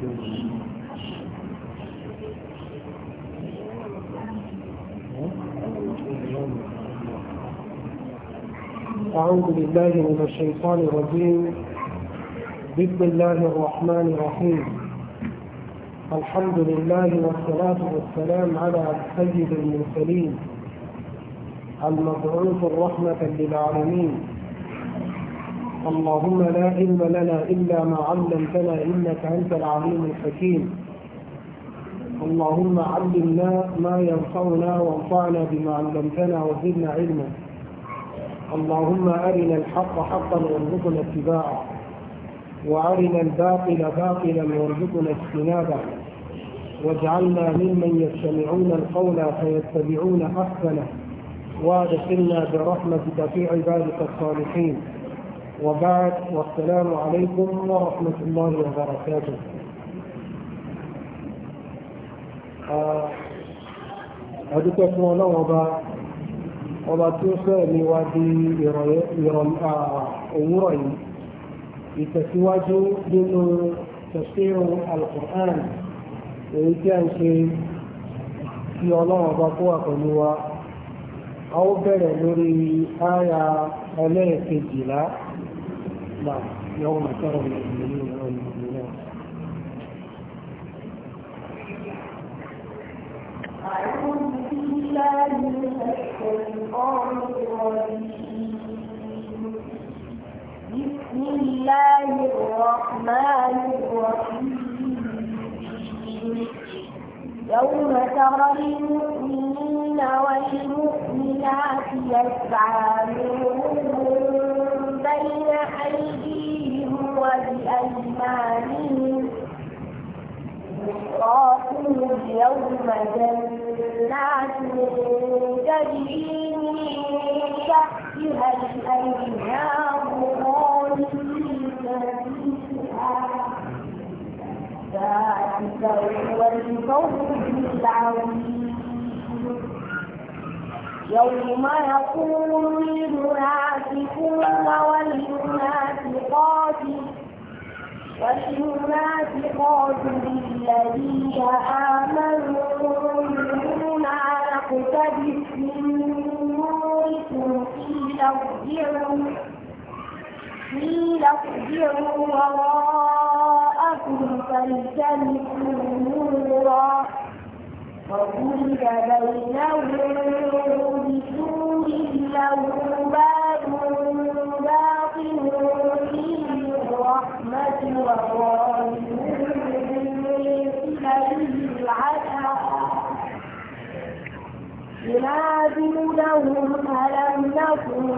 أعوذ بالله من الشيطان الرجيم بسم الله الرحمن الرحيم الحمد لله والصلاة والسلام على سيد المرسلين المبعوث الرحمة للعالمين اللهم لا علم لنا إلا ما علمتنا إنك أنت العليم الحكيم اللهم علمنا ما ينفعنا وانفعنا بما علمتنا وزدنا علما اللهم أرنا الحق حقا وارزقنا اتباعه وأرنا الباطل باطلا وارزقنا اجتنابه واجعلنا ممن يستمعون القول فيتبعون أحسنه وادخلنا برحمتك في عبادك الصالحين وبعد والسلام عليكم ورحمة الله وبركاته أدوك اسمه الله وبا وبا توسى لوادي أموري يتسواج من تفسير القرآن ويتان شيء في الله وبا قوة أو بلوري آية أليه كجلا نعم يوم ترى المؤمنين والمؤمنات أعوذ بالله من الشيطان الرجيم بسم الله الرحمن الرحيم يوم ترى المؤمنين والمؤمنات يسعى نورهم بأيمانهم بشراكم اليوم جنات تجري من تحتها الأنهار خالدين فيها ذلك هو الفوز العظيم يوم يقول المنافقون والمنافقات والمنافقات للذين آمنوا ما نقتبس من نوركم قيل ارجعوا وراءكم فالتمسوا نورا وضرب بينهم بسور له ينادوا لهم ألم نكن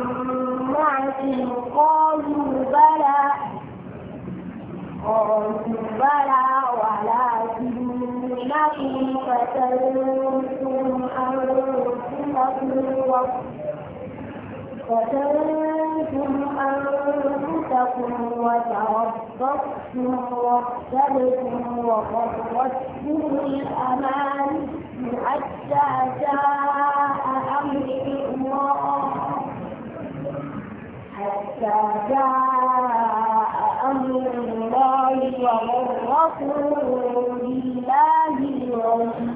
معكم قالوا بلى قالوا بلى ولكنكم فتنتم أنفسكم فتنتم أنفسكم وتربصتم واختلتم وغرتكم الأمان حتى جاء أمر الله حتى جاء أمر الله وغركم بالله الغرور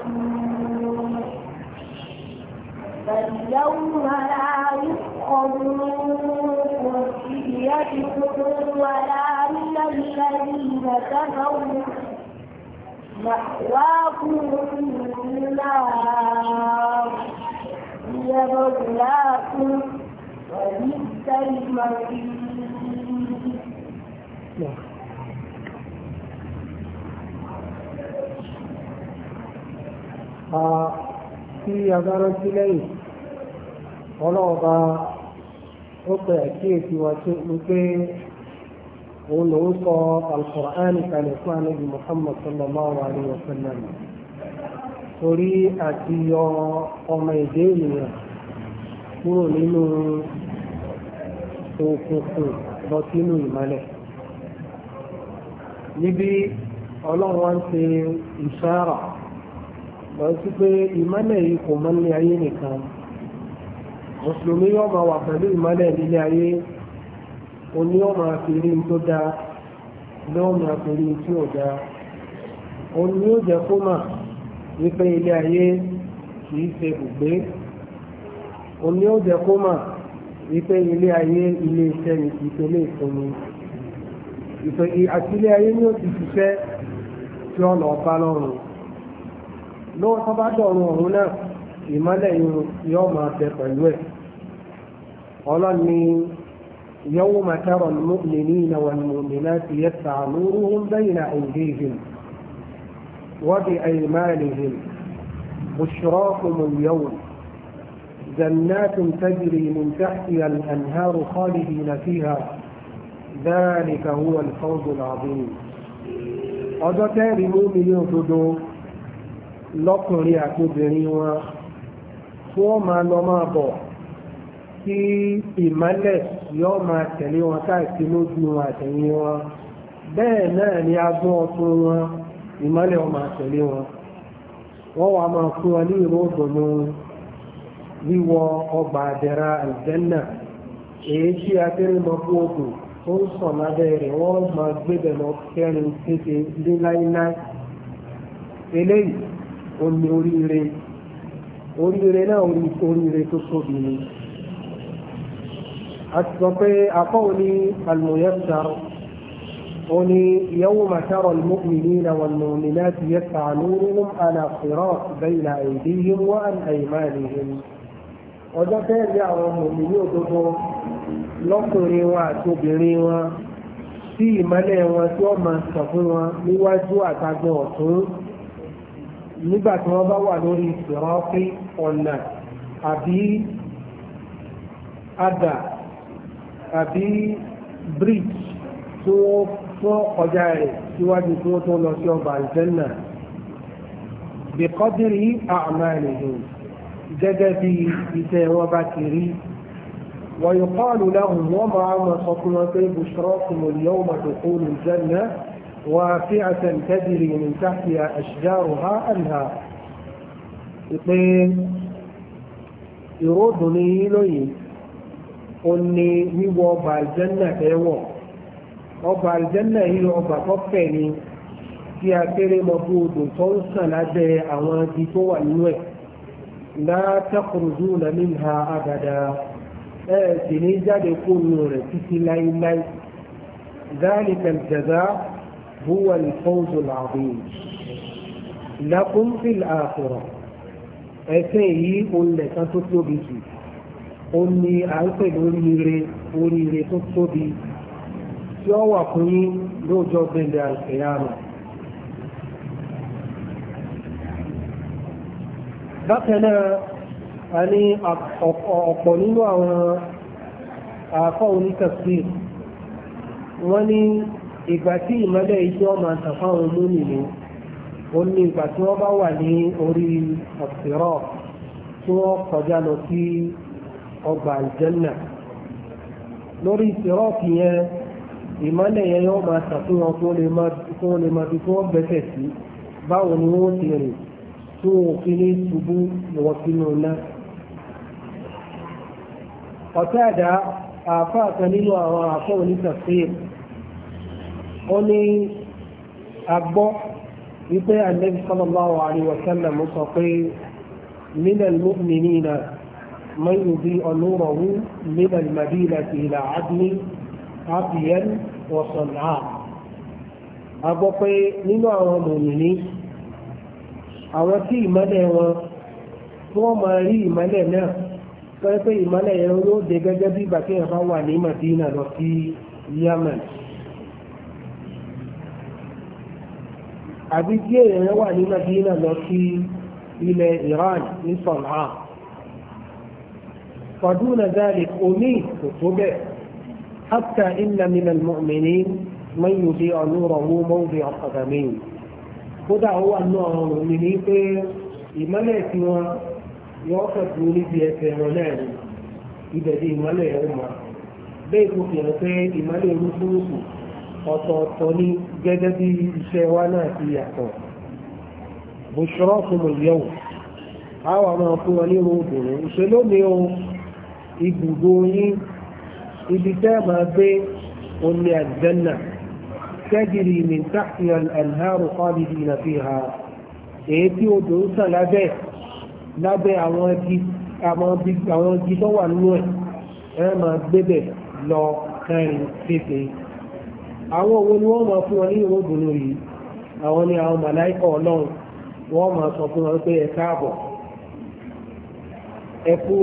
فاليوم لا يؤخذ منكم فديتكم ولا من الذين كفروا مأواكم النار هي مبلاكم وبئس المصير tí agbára sí lẹ́yìn ọlọ́ọ̀ba ó pe àkíyèsí wa tó ní pé òun lòún sọ alukur'ani kalẹ̀ fún anabi muhammad sallallahu alayhi wa sallam torí àti yọ ọmọ èdè ènìyàn kúrò nínú òkùnkùn lọ sínú ìmọ́lẹ̀ níbi ọlọ́run wá ń ṣe ìṣára lọ sí pé ìmọ́lẹ̀ yìí kò mọ́ ní ayé nìkan mùsùlùmí yóò máa wà pẹ̀lú ìmọ́lẹ̀ nílé ayé oní yóò máa fi rí tó dáa ní yóò máa fi rí tí ò dáa oní yóò jẹ́ kó mà wípé ilé ayé kì í ṣe bùgbé oní yóò jẹ́ kó mà wípé ilé ayé ilé iṣẹ́ ni kì í ṣe àti ilé ayé ni ó ti ṣiṣẹ́ tí ó lọ bá lọ́rùn lọ́wọ́ tó bá dọ̀rùn ọ̀run náà ìmọ́lẹ̀ yóò máa tẹ pẹ̀lú ẹ̀. ọlọ́ni يوم ترى المؤمنين والمؤمنات يسعى نورهم بين أيديهم وبأيمانهم بشراكم اليوم جنات تجري من تحتها الأنهار خالدين فيها ذلك هو الفوز العظيم ọjọ́ tẹ́rì múmìnì òdodo lọ́kùnrin àtòbìnrin wọn tí wọ́n lọ máa bọ̀ tí ìmọ́lẹ̀ yọ máa tẹ̀lé wọn káàkiri lójú wọn àtẹ̀yìn wọn bẹ́ẹ̀ náà ni agbọ́n ọtún wọn ìmọ́lẹ̀ wọn máa tẹ̀lé wọn wọ́n wá máa fún wọn ní ìró ìdùnnú wíwọ ọgbà àdẹ̀ra àlùjànnà èyí tí akéré lọ fún ogun tó ń sàn lábẹ́ rẹ̀ wọ́n máa gbébẹ̀ lọ kẹrin eléyìí oríire oríire náà oríire tó tóbi ni. أتبقي أقولي الميسر قولي يوم ترى المؤمنين والمؤمنات يسعى نورهم على صراط بين أيديهم وأن أيمانهم وذكر يعلم المؤمنين lọ́kùnrin wọn àti obìnrin wọn tí ìmọ́lẹ̀ wọn tí wọ́n máa sọ fún wọn níwájú àtàgbọn ọ̀tún nígbà tí wọ́n bá wà lórí ìsìnrọ́pí ọ̀nà àbí àdà àbí bridge tí wọ́n fọ́ ọjà rẹ̀ síwájú tí wọ́n tó lọ sí ọgbà àlùjẹ́nà bí kọ́dìrì àmà ènìyàn gẹ́gẹ́ bí iṣẹ́ wọn bá ti rí ويقال لهم وما مصطلتي بشراكم اليوم دخول الجنة وافعة تجري من تحتها أشجارها أنهار ìpín ìròdùn ní lóyìn ó ní wíwọ ọgbà àlùjànnà ẹ̀wọ̀ ọgbà àlùjànnà yìí ọgbà tó fẹ̀ ni tí a kéré mọ fún odò tó ń sàn lábẹ́ àwọn ibi tó wà nínú ẹ̀ la takhrujuna minha abada ẹ̀ sì ní jáde kóònù rẹ̀ títí láíláí ذلك الجزاء هو الفوز العظيم لكم في الآخرة ẹ̀sẹ̀ yìí olùlẹ̀kan tó tóbi jù ó ní à ń pè lóríire oríire tó tóbi tí ó wà fún yín lóòjọ́ gbẹ̀ndẹ̀ àlùkìyàmù. bákan náà a ní ọ̀pọ̀ nínú àwọn àáfọ̀ onítẹ̀sí wọ́n ní ìgbà tí ìmọ́lẹ̀ iṣẹ́ ọmọ àtàfáwọn múnìlú ó ní ìgbà tí wọ́n bá wà ní orí ọ̀sẹ̀rọ̀ tí wọ́n kọjá lọ sí ọgbà àlùjẹ́nà lórí ìsirọ́ọ̀kì yẹn ìmọ́lẹ̀ yẹn yóò máa ṣàfihàn kó lè máa bí kí wọ́n gbẹ́sẹ̀ sí báwo ni wọ́n ti rìn tí wọ́n fi ní ṣubú ìwọ̀ sínú iná. ọ̀tá ẹ̀dá àáfàá kan nínú àwọn àáfàá onítàfíì ó ní agbọ́ wípé ànábì sallallahu alaihi wa sallam sọ pé minal mu'minina من يضيء نوره من المدينة إلى عدن عطيا وصنعاء agbọ́ pé nínú àwọn tí ìmọ́lẹ̀ wọn tí wọ́n máa rí ìmọ́lẹ̀ náà pẹ́ pé ìmọ́lẹ̀ yẹn ló dé gẹ́gẹ́ bí ìgbà tí èèyàn bá wà ní Madina lọ sí Yemen àbí tí èèyàn wà ní Madina lọ sí ilẹ̀ Iran ní ودون ذلك أميت كتبه حتى إن من المؤمنين من يضيع نوره موضع قدمين kódà ó wà náà ọ̀rọ̀ mi ní pé ìmọ́lẹ̀ tí wọ́n yọ pẹ̀lú níbi ẹsẹ̀ wọn náà ni ibẹ̀ di ìmọ́lẹ̀ ẹ̀rọ mọ́ bẹ́ẹ̀ tó fi hàn pé ìmọ́lẹ̀ olúkúlùkù ọ̀tọ̀ọ̀tọ̀ ní gẹ́gẹ́ bí iṣẹ́ wa náà ti yàtọ̀ bùṣọ́rọ̀ fún mi yẹ̀wò àwọn ọmọ fún wọn ní ìròdùn ìṣèlómi ohun ibùdó yín ibi tẹ́ máa gbé omi àjẹ́nà tẹ́jìrì min tahtiha al-anharu khalidina fiha èyí tí odò ń sàn lábẹ́ lábẹ́ àwọn igi tó wà nínú ẹ̀ ẹ máa gbébẹ̀ lọ kẹrin tètè àwọn owó ni wọ́n máa fún wọn ní ìwé ìdùnnú yìí àwọn ni àwọn màláìkà ọlọ́run wọ́n máa sọ fún wọn pé ẹ káàbọ̀ ẹ kú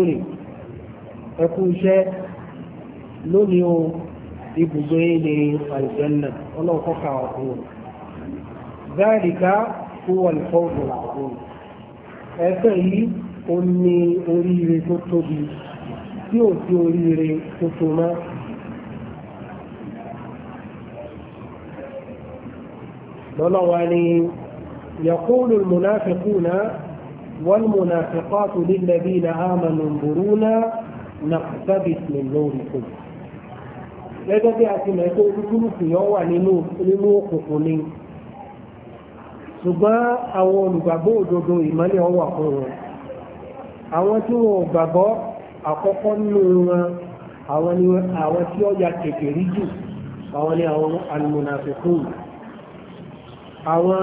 ẹkú iṣẹ́ lónìí o ibùgbé ní àlùjànnà ọlọ́ọ̀kọ́ kà wà fún un dáàríkà fún wọn kọ́ òun àwọn ẹ̀fẹ́ yìí ó ní oríire tó tóbi tí ò sí oríire tó tó máa لولواني يقول المنافقون والمنافقات للذين آمنوا انظرونا نقتبس من نوركم gẹ́gẹ́ bí a ti mọ̀ pé olúkúlùkù yọ wà nínú òkùnkùn ni ṣùgbọ́n àwọn olùgbàgbọ́ òdodo ìmọ́lẹ̀ ọwà fún wọn àwọn tí wọn ò gbàgbọ́ àkọ́kọ́ nínú wọn àwọn ni àwọn tí ó ya kékeré jù àwọn ni àwọn àwọn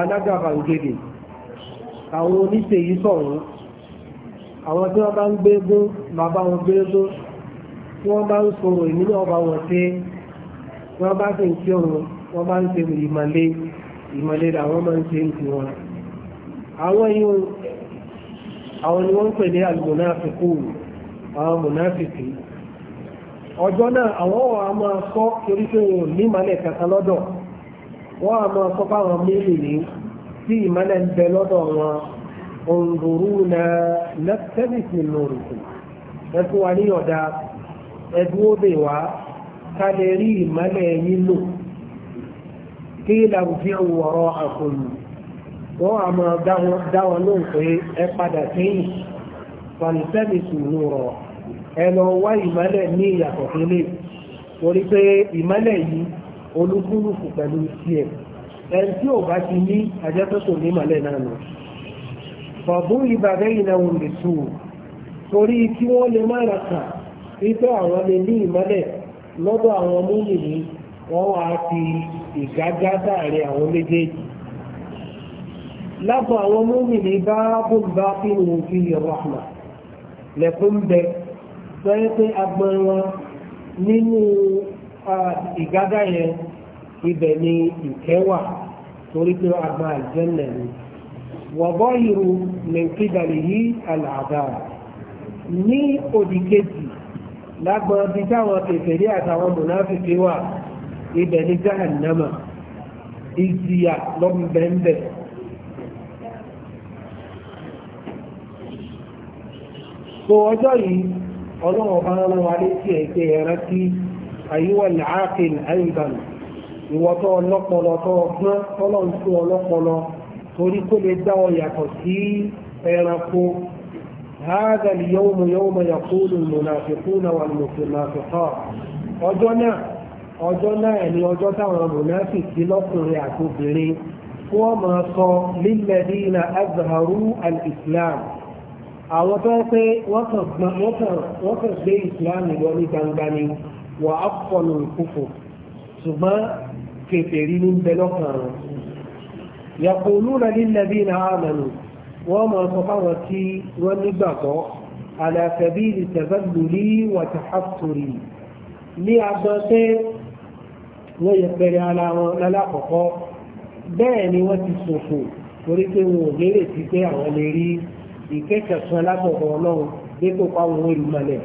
alágàbàǹgẹ̀dẹ̀ àwọn sọ̀rọ̀ àwọn tí wọ́n bá ń gbégún máa bá wọn gbégún tí wọ́n bá ń sọ̀rọ̀ èmi náà bá wọn ṣe tí wọ́n bá sì ń kí ọ̀run wọ́n bá ń ṣe ìmọ̀lé ìmọ̀lé làwọn máa ń ṣe ń tiwọn. àwọn yìí àwọn ni wọ́n ń pè ní àlùmọ̀náfíkù àwọn mọ̀náfíkì ọjọ́ náà àwọn ọ̀ a máa sọ torí pé wọn ò ní ìmọ̀lẹ̀ kàkà lọ́dọ̀ wọ́n a máa sọ fáwọn mílì ní tí ìmọ̀lẹ̀ ń bẹ lọ́dọ̀ wọn انظرونا نبتبس من نوركم ẹfún wa ní ọ̀dà ẹdúró bè wá ká lè rí ìmọ́lẹ̀ yín lò kí làwùjọ wọ̀rọ̀ àkọlù wọ́n á máa dá wọn lóhùn pé ẹ padà sẹ́yìn fàlùsẹ́bìsì lòrọ̀ ẹ lọ wá ìmọ́lẹ̀ ní ìyàtọ̀ sílé torí pé ìmọ́lẹ̀ yìí olúkúlùkù pẹ̀lú tiẹ̀ ẹni tí ò bá ti ní àjẹsọ́tò ní ìmọ́lẹ̀ náà lọ bàbú ìbàdẹ́ ìnáwó lè tù ú torí kí wọ́n lè má ra kà wípé àwọn lè ní ìmọ́lẹ̀ lọ́dọ̀ àwọn múlùmí wọ́n wá fi ìgágá sáàrin àwọn méjèèjì lápò àwọn múlùmí bá bùnbá fi ń wù fi rahma lẹ́kùn bẹ sọ́yẹ́ pé agbọ́n nínú ìgágá yẹn ibẹ̀ ni ìkẹwà torí pé agbọ́n àjẹ́nà ni wọ̀bọ́yìrù mẹ́kídàlìyí àlàáda ní òdìkejì lágbọ́n bí táwọn kèfèrí àtàwọn mùnáfíkí wà ibẹ̀ ní jahannama ìjìyà lọ́mbẹ̀mbẹ̀ so ọjọ́ yìí ọlọ́wọ́ bá rán wa létí ẹ̀kẹ́ ẹ̀rán tí àyíwọ̀ àyíbàn ìwọ́tọ́ ọlọ́pọlọ tó ọgbọ́n tọ́lọ́ ń fún ọlọ́pọlọ torí kó lè dá ọ yàtọ̀ sí ẹranko هذا اليوم يوم يقول المنافقون والمنافقات ọjọ́ náà ọjọ́ náà ni ọjọ́ táwọn mùnáfìkì lọ́kùnrin àti obìnrin fún ọmọ sọ lilladina azharu al-islam àwọn tó ń pé wọ́n kàn gbé islam lọ ní gbangba ni wà á kọlù kúfù ṣùgbọ́n kèfèrí ní bẹ́lọ́kàn rẹ̀ يقولون للذين آمنوا وما صفرتي والنبقى على سبيل تذللي وتحصري لأبطي ويقبل على للاقق باني وتسوفو وريكي وغيري تيكي عواليري ìkẹ́kẹ̀ẹ́ kan látọ̀dọ̀ ọlọ́run dípò pàwọn olùmọ̀lẹ̀.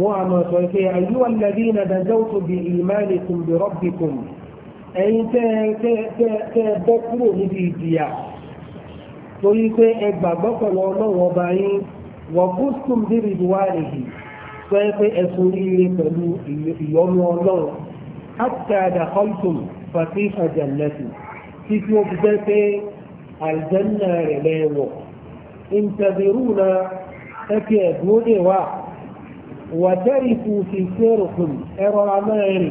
wọ́n a mọ̀ sọ pé àyíwá lẹ́bí na dájọ́ tó bí ìmáàlì kùn bí rọ́bì kùn ẹ̀yin tẹ́ ẹ bọ́ kúrò níbi ìdìyà torí pé ẹ gbàgbọ́ pẹ̀lú ọlọ́run ọba yín wọ̀gúsùn bíbí ìdúwà rèé sọ ẹ pé ẹ̀sùn oríire pẹ̀lú ìyọ́nú ọlọ́run hátà àdàkọ́lùtùm fàtí àjàlẹ́sì títí ó fi jẹ́ pé àlùjànnà rẹ̀ lẹ́wọ̀ ìntàbírúnà ẹ̀kẹ́ ẹ̀dúnwó dè wá wàtẹ́rì fún fi ṣẹ́rùkùn ẹ̀rọ amẹ́rin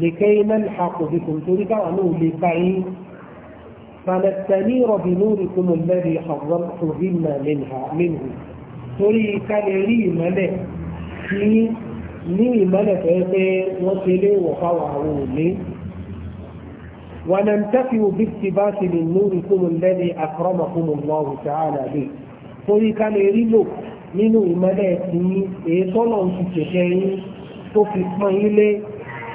لكي نلحق بكم ترجع نور لكي فنستنير بنوركم الذي حرمنا منها منه تري لي ملك في ني ملك ايه وسلي وقوعوني وننتفي بالتباس من نوركم الذي أكرمكم الله تعالى به تري كالري لو nínú ìmọ́lẹ̀ tí èyí tọ́lọ̀ ń ti ṣẹ̀ṣẹ̀ yín tó fi pọ́n yín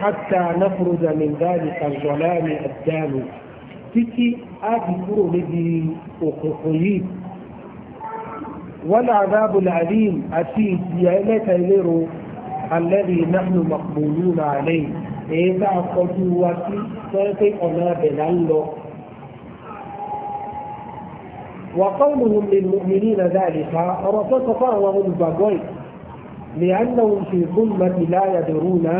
حتى نخرج من ذلك الظلام الدام تكي آتي كرو لدي أخوخيي والعذاب العليم أتيت يأمت إليرو الذي نحن مقبولون عليه إذا أخذوا واسي سيكي وقولهم للمؤمنين ذلك رفض فهو من بغوي لأنهم في ظلمة لا يدرون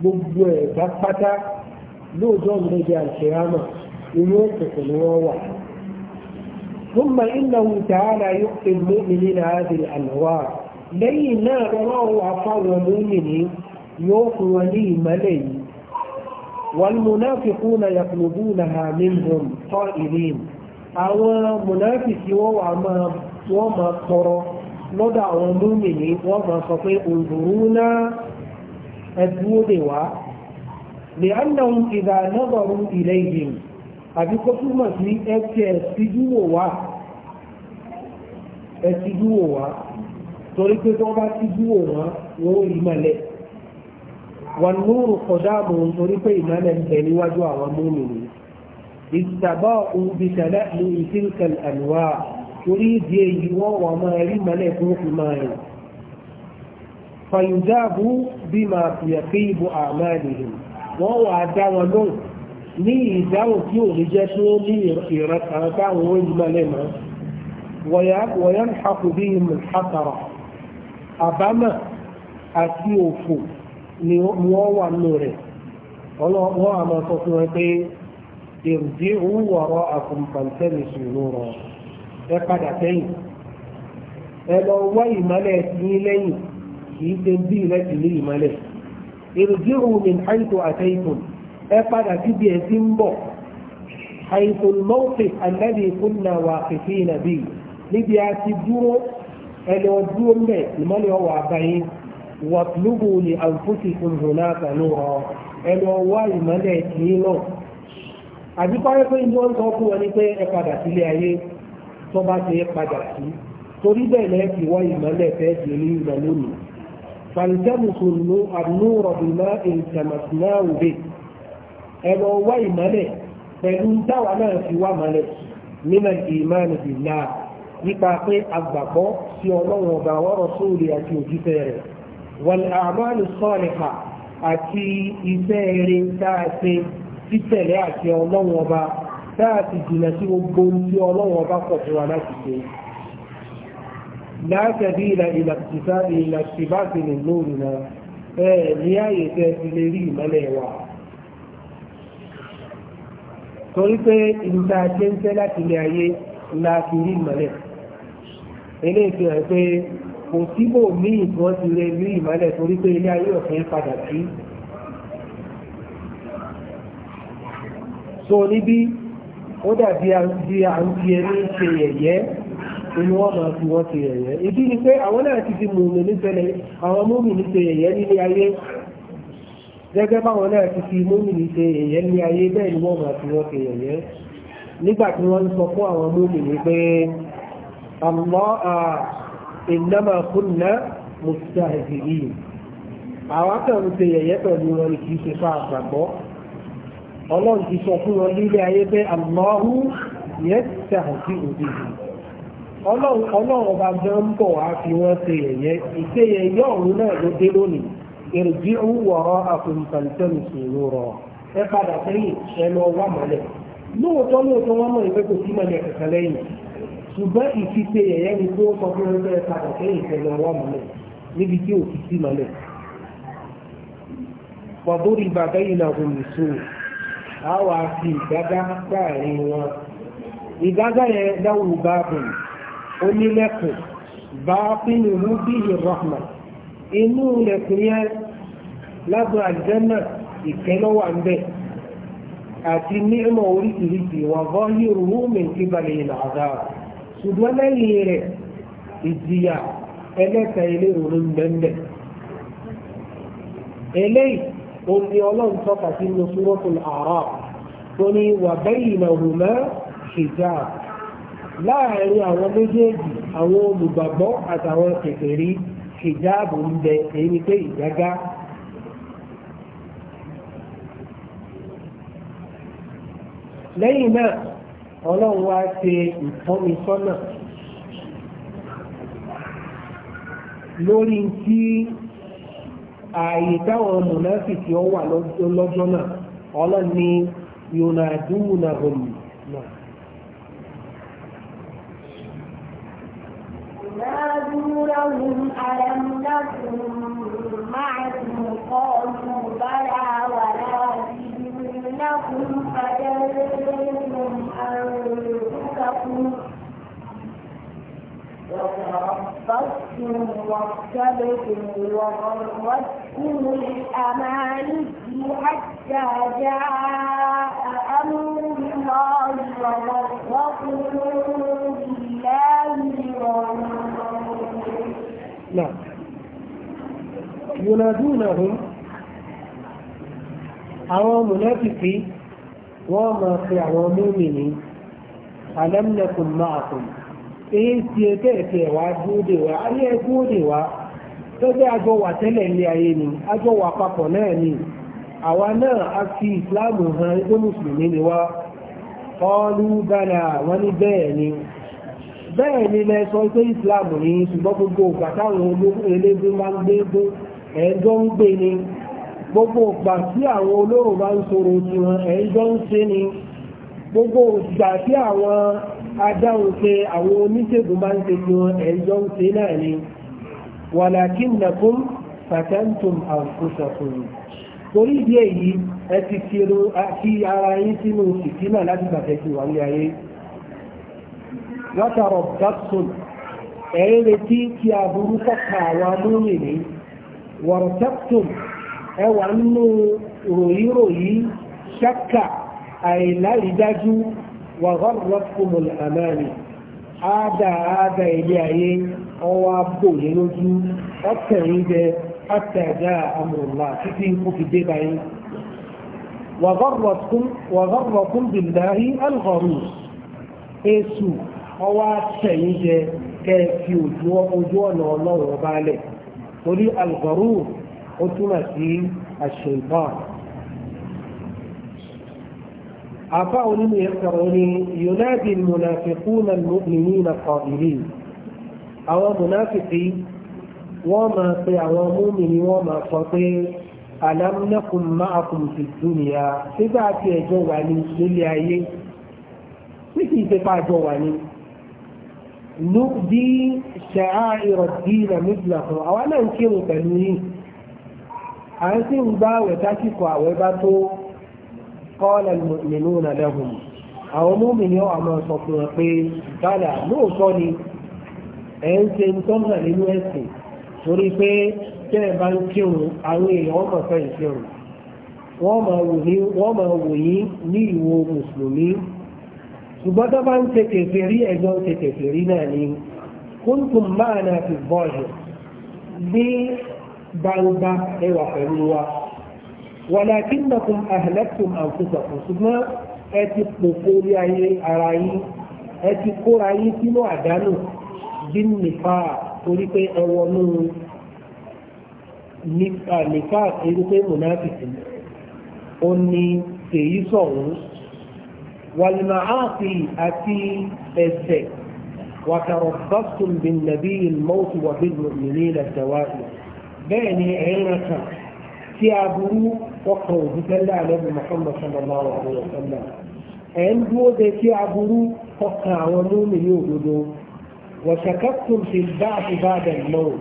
gbogbo ẹ̀dá pátá lóòjọ́ ìrẹ́jẹ àṣeyámà inú òkùnkùn ni wọ́n wà. ثم إنه تعالى يؤتي المؤمنين هذه الأنوار lẹ́yìn náà lọ́wọ́ àfáwọn múmìnì yóò fún wọn ní ìmọ́lẹ̀ yìí wọ́n múnáfikú na yàtùlùbú na hàmìnhùn tọ́ ìrìn àwọn múnáfikí wọ́n wà máa tọrọ lọ́dọ̀ àwọn múmìnì wọ́n máa sọ pé òǹdùrú náà ẹ̀dúró lè wá lè ánàun ìdá nọ́bọ̀rún ilẹ̀ ìhìn àbí kó túmọ̀ sí ẹ̀kẹ́ ẹ̀sìdúwò wá ẹ̀sìdúwò wá torí pé tó bá ti dúwò wọn wọ́n rí mọ́lẹ̀ wọn núrù kọjá àbò torí pé ìmọ̀lẹ̀ ń bẹ níwájú àwọn mọ́mìnì ìtàbá òbí ní ìtìlkẹ̀l àníwá torí ìdí èyí wọ́n wọ́n máa rí mọ́lẹ̀ fún ìmọ̀ rẹ̀ fàyùdáàbù bima yaqibu a'malihim wọ́n wà dá wọn lóhùn ní ìdáhùn tí ò ní jẹ́ tí ó ní ìrẹ̀kàn táwọn ó yìí mọ́lẹ̀ mọ́ wọ̀yán hàkùbí mùsàkàrà àbámà àti òfò ni wọ́n wà nù rẹ̀ wọ́n a máa sọ fún ẹ pé èrùdí òun rọ ẹ padà ẹ lọ wá kì í ṣe ń bí ilẹ̀ ìlú ìmọ̀lẹ̀ èròjìrò min haitho àtẹ́ìtùn ẹ padà síbi ẹ̀ sí ń bọ̀ haitho mọ́ọ̀fẹ́ alẹ́bí kúnnà wà fèfé nàbí níbi a ti dúró ẹni ọdún mẹ́ ìmọ̀lẹ̀ ọwọ́ àbáyé wàtúlùbù ni àǹfùsì fún hùnà àtàlù rọ ẹni ọwọ́ ìmọ̀lẹ̀ kì í àdìpáyé pé ìlú ọ̀nkọ́ kú wọn ni pé ẹ padà sílé ayé tó bá ti padà sí torí bẹ́ẹ̀ lẹ́ẹ̀kì wọ́n ìmọ̀lẹ̀ fẹ́ẹ́ sí ní ìmọ̀lónìí فالتمسوا النور بماء التمسناه به ẹ̀rọ wá ìmọ́lẹ̀ pẹ̀lú táwa náà fi wá mọ́lẹ̀ nínú ìmánu bìlá nípa pé agbàgbọ́ sí ọlọ́run ọba ọ̀rọ̀ sóòlì àti òjíṣẹ́ rẹ̀ wal a'malu saliha àti iṣẹ́ eré dáàṣe títẹ̀lé àti ọlọ́run ọba dáàṣì jìnnà sí gbogbo ohun tí ọlọ́run ọba pọ̀ fún wa láti ṣe. لا سبيل إلى اكتساب إلى اقتباس من نورنا نهاية تلري مليوا torí pé ìlúta ṣe ń tẹ́ láti ilé ayé la fi rí ìmọ̀lẹ̀ eléyìí fi hàn pé kò síbò ní ìgbọ́n ti lè rí ìmọ̀lẹ̀ torí pé ilé ayé ọ̀fẹ́ padà sí so níbí ó dàbí à ń fi ẹni ṣe yẹ̀yẹ́ ni wọ́n máa fi wọ́n ṣe yẹ̀yẹ́ ìdí ni pé àwọn náà ti fi mùmí nífẹ̀lẹ̀ àwọn mùmí ní ṣe yẹ̀yẹ́ nílé ayé gẹ́gẹ́ báwọn náà ti fi mùmí ní ṣe yẹ̀yẹ́ nílé ayé bẹ́ẹ̀ ni wọ́n máa fi wọ́n ṣe yẹ̀yẹ́ nígbà tí wọ́n ń sọ fún àwọn mùmí ní pé àmọ́ ìnáma kúnná mustahzi'in àwọn kan ń ṣe yẹ̀yẹ́ pẹ̀lú wọn kì í ṣe fa àgbàgbọ́ ọlọ́run ti sọ fún wọn nílé ayé pé àmọ́ yẹ́ta àti òdìdì ọlọ́run ọba gan ń bọ̀ wá fi wọ́n ṣe yẹ̀yẹ́ ìṣeyẹ yọ ọ̀run náà ló dé lónìí èrèjì ń wọ̀rọ̀ àfẹnusẹ̀lùsẹ̀lù sòrò rọ̀ ẹ padà sẹ́yìn ẹ lọ wá mọ́lẹ̀ lóòótọ́ lóòótọ́ wọn mọ̀ ìpè kò sí mọ́lẹ̀ kẹ̀kẹ́ lẹ́yìn ṣùgbọ́n ìfiṣe yẹ̀yẹ́ ni tó onílẹ̀kùn bá pínu mú bí ìrọ̀mà inú ilẹ̀kùn yẹn lábọ̀ àjẹ́nà ìkẹ́lọ́wà ń bẹ̀ àti nímọ̀ oríṣiríṣi wà bọ́ yìí mẹ́tí balẹ̀ ìlàgà ṣùgbọ́n lẹ́yìn rẹ̀ ìjìyà ẹlẹ́ta ilé ìròyìn bẹ́ẹ̀ eléyìí omi ọlọ́run tọ́ka sínú súrọ́tún àárọ̀ tó ní wà bẹ́yìn náà rùmẹ́ ṣèjáàbù láàrin àwọn méjèèjì àwọn olùgbàgbọ́ àtàwọn kèfèrí hijabu ń bẹ èyí ni pé ìdágá lẹ́yìn náà ọlọ́run wá ṣe ìtọ́nisọ́nà lórí tí ààyè táwọn mùnáfìkì ọ wà lọ́jọ́ náà ọlọ́run ni yonadúnà hùmù فقالوا ألم نكن معكم قالوا بلى ولكنكم فتنتم أنفسكم وتربصتم وارتبتم وغرتكم الأماني حتى جاء أمر الله وغرتكم نعم ينادونهم àwọn mùnáfìkì wọn ma fi àwọn múmìnì alámnakùn máa kùn èyí tí ẹgbẹ́ ẹ̀kẹ́ wá dúódè wá ayé ẹgbóòdè wá tọ́jẹ́ àjọ wà tẹ́lẹ̀ ilé a wọn bẹ́ẹ̀ ni lẹ sọ pé Islam ní ṣùgbọ́n gbogbo ògbà táwọn olóògùn eléégún máa ń gbé gbó ẹ̀ẹ́jọ́ ń gbé ni gbogbo ògbà tí àwọn olóòrùn bá ń sọ̀rọ̀ tí wọn ẹ̀ẹ́jọ́ ń ṣe ni gbogbo ògbà tí àwọn adáhùn ṣe àwọn oníṣègùn bá ń ṣe tí wọn ẹ̀ẹ́jọ́ ń ṣe náà ni wàlàkínàkún fatantum anfusakum torí ìdí èyí ẹ وتربصن أين تيك يا بروفا كاوانوني ورتبتم أو أنو روي روي شكا أي لا إداجو وغرفكم الأمان هذا هذا إلي أي أو أبدو ينجو أتعيد حتى جاء أمر الله تتنقو في ديبعي وغرفكم وغرفكم بالله الغروس إيسو ọwọ́ àtẹ̀yìn jẹ kẹ́ ẹ fi ojú ọ̀nà ọlọ́run ọba lẹ̀ torí àlùkọ́rù ó túmọ̀ sí àṣẹ ìbọn. afa onímọ̀ ìyẹ́sọ̀rọ̀ ni yonadi munafikuna mu'minina qa'ilin àwọn munafiki wọ́n máa pe àwọn múmìnì wọ́n máa sọ pé alámúnákùn máa kùn sí dúnìyà nígbà ẹjọ́ wà ní lórí ayé ní kìí ṣe wà ní نؤدي شعائر الدين مثله او انا انكر تنويه عن سين با وتاكيك وعوباتو قال المؤمنون لهم او مؤمن يو اما صفوقي قال نو صلي ان سين تنغى لنوهسي torí pé tẹ́ ẹ bá ń kírun àwọn èèyàn ọmọ fẹ́ ìkírun wọ́n máa wò yín ní ìwo mùsùlùmí ṣùgbọ́n tó bá ń ṣe kẹfẹ́ rí ẹ̀jọ́ ń ṣe kẹfẹ́ rí náà ni kúntùn máa náà fi bọ́ọ̀lù ní gbangba ẹwà pẹ̀lú wa walakinnakum ahlaktum anfusakum ṣùgbọ́n ẹ ti pòpò orí ayé ara yín ẹ ti kóra yín sínú àdánù bí nìfà torí pé ẹ wọnú nìfà nìfà mùnáfìsì ó èyí sọ̀rọ̀ والمعاصي أتي السيف وتربصتم بالنبي الموت وبالمؤمنين الدوائر بين عينك في أبو وقعوا بكلا على محمد صلى الله عليه وسلم أن بود في أبو وقع ومؤمن يوجد وشككتم في البعث بعد الموت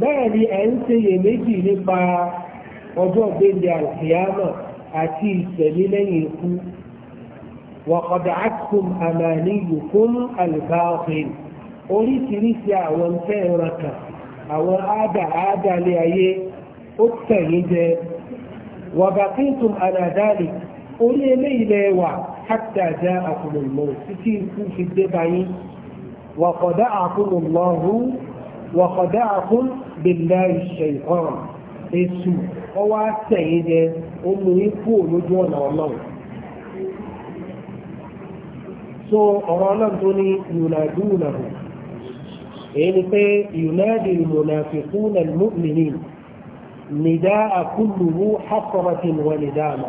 بيني أنت يمجي لبا وجود بين القيامة أتي سبيلين يقول wọ̀kọ̀dàákùn àmàlí yòókùn àlùbáwìn oríṣiríṣi àwọn tẹ́ ìrànkà àwọn àádà àádà lé ayé ó tẹ̀yìn jẹ wọ̀bàkìntùn àdàdàlì orí eléyìí lẹ́wà hátà já àkùnlùmọ̀ títí ikú fi dé báyìí wọ̀kọ̀dá àkùnlùmọ̀hù wọ̀kọ̀dá àkùn bìlá ìṣẹ̀yìn ọ̀rọ̀ èṣù ọwọ́ àtẹ̀yìn jẹ ó mú ikú òlójú ọ̀nà ọlọ́run so ọ̀rọ̀ náà tó ní yunadúnàbù èyí ni pé yunadi munafiquna almu'minin nidaa kulluhu haqqabatin wa nidama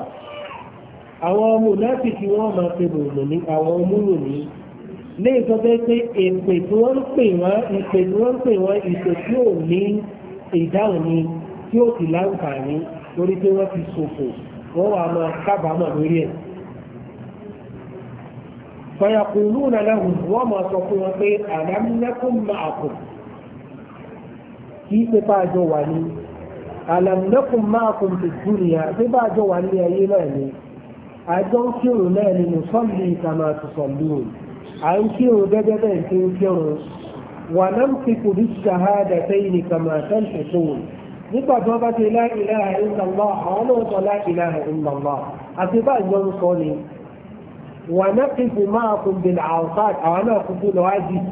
àwọn munafiki wọ́n máa pe mùmìnì àwọn múlùmí ní ìtọ́jẹ́ pé èpè tí wọ́n ń pè wọ́n ìpè tí wọ́n ń ní ìdáhùn ni فيقولون لهم وما تقولون ألم نكن معكم كيف تاجواني ألم نكن معكم في الدنيا كيف تاجواني أيماني أدوكر لاني نصلي كما تصلون أنكر جددا تنكر ونمسك بالشهادتين كما تنفقون nípa tí wọ́n bá ti la ilaha illallah àwọn náà sọ la ilaha illallah àti bá ìjọ ń sọ ni ونقف معكم بالعرفات أنا أقول الواجب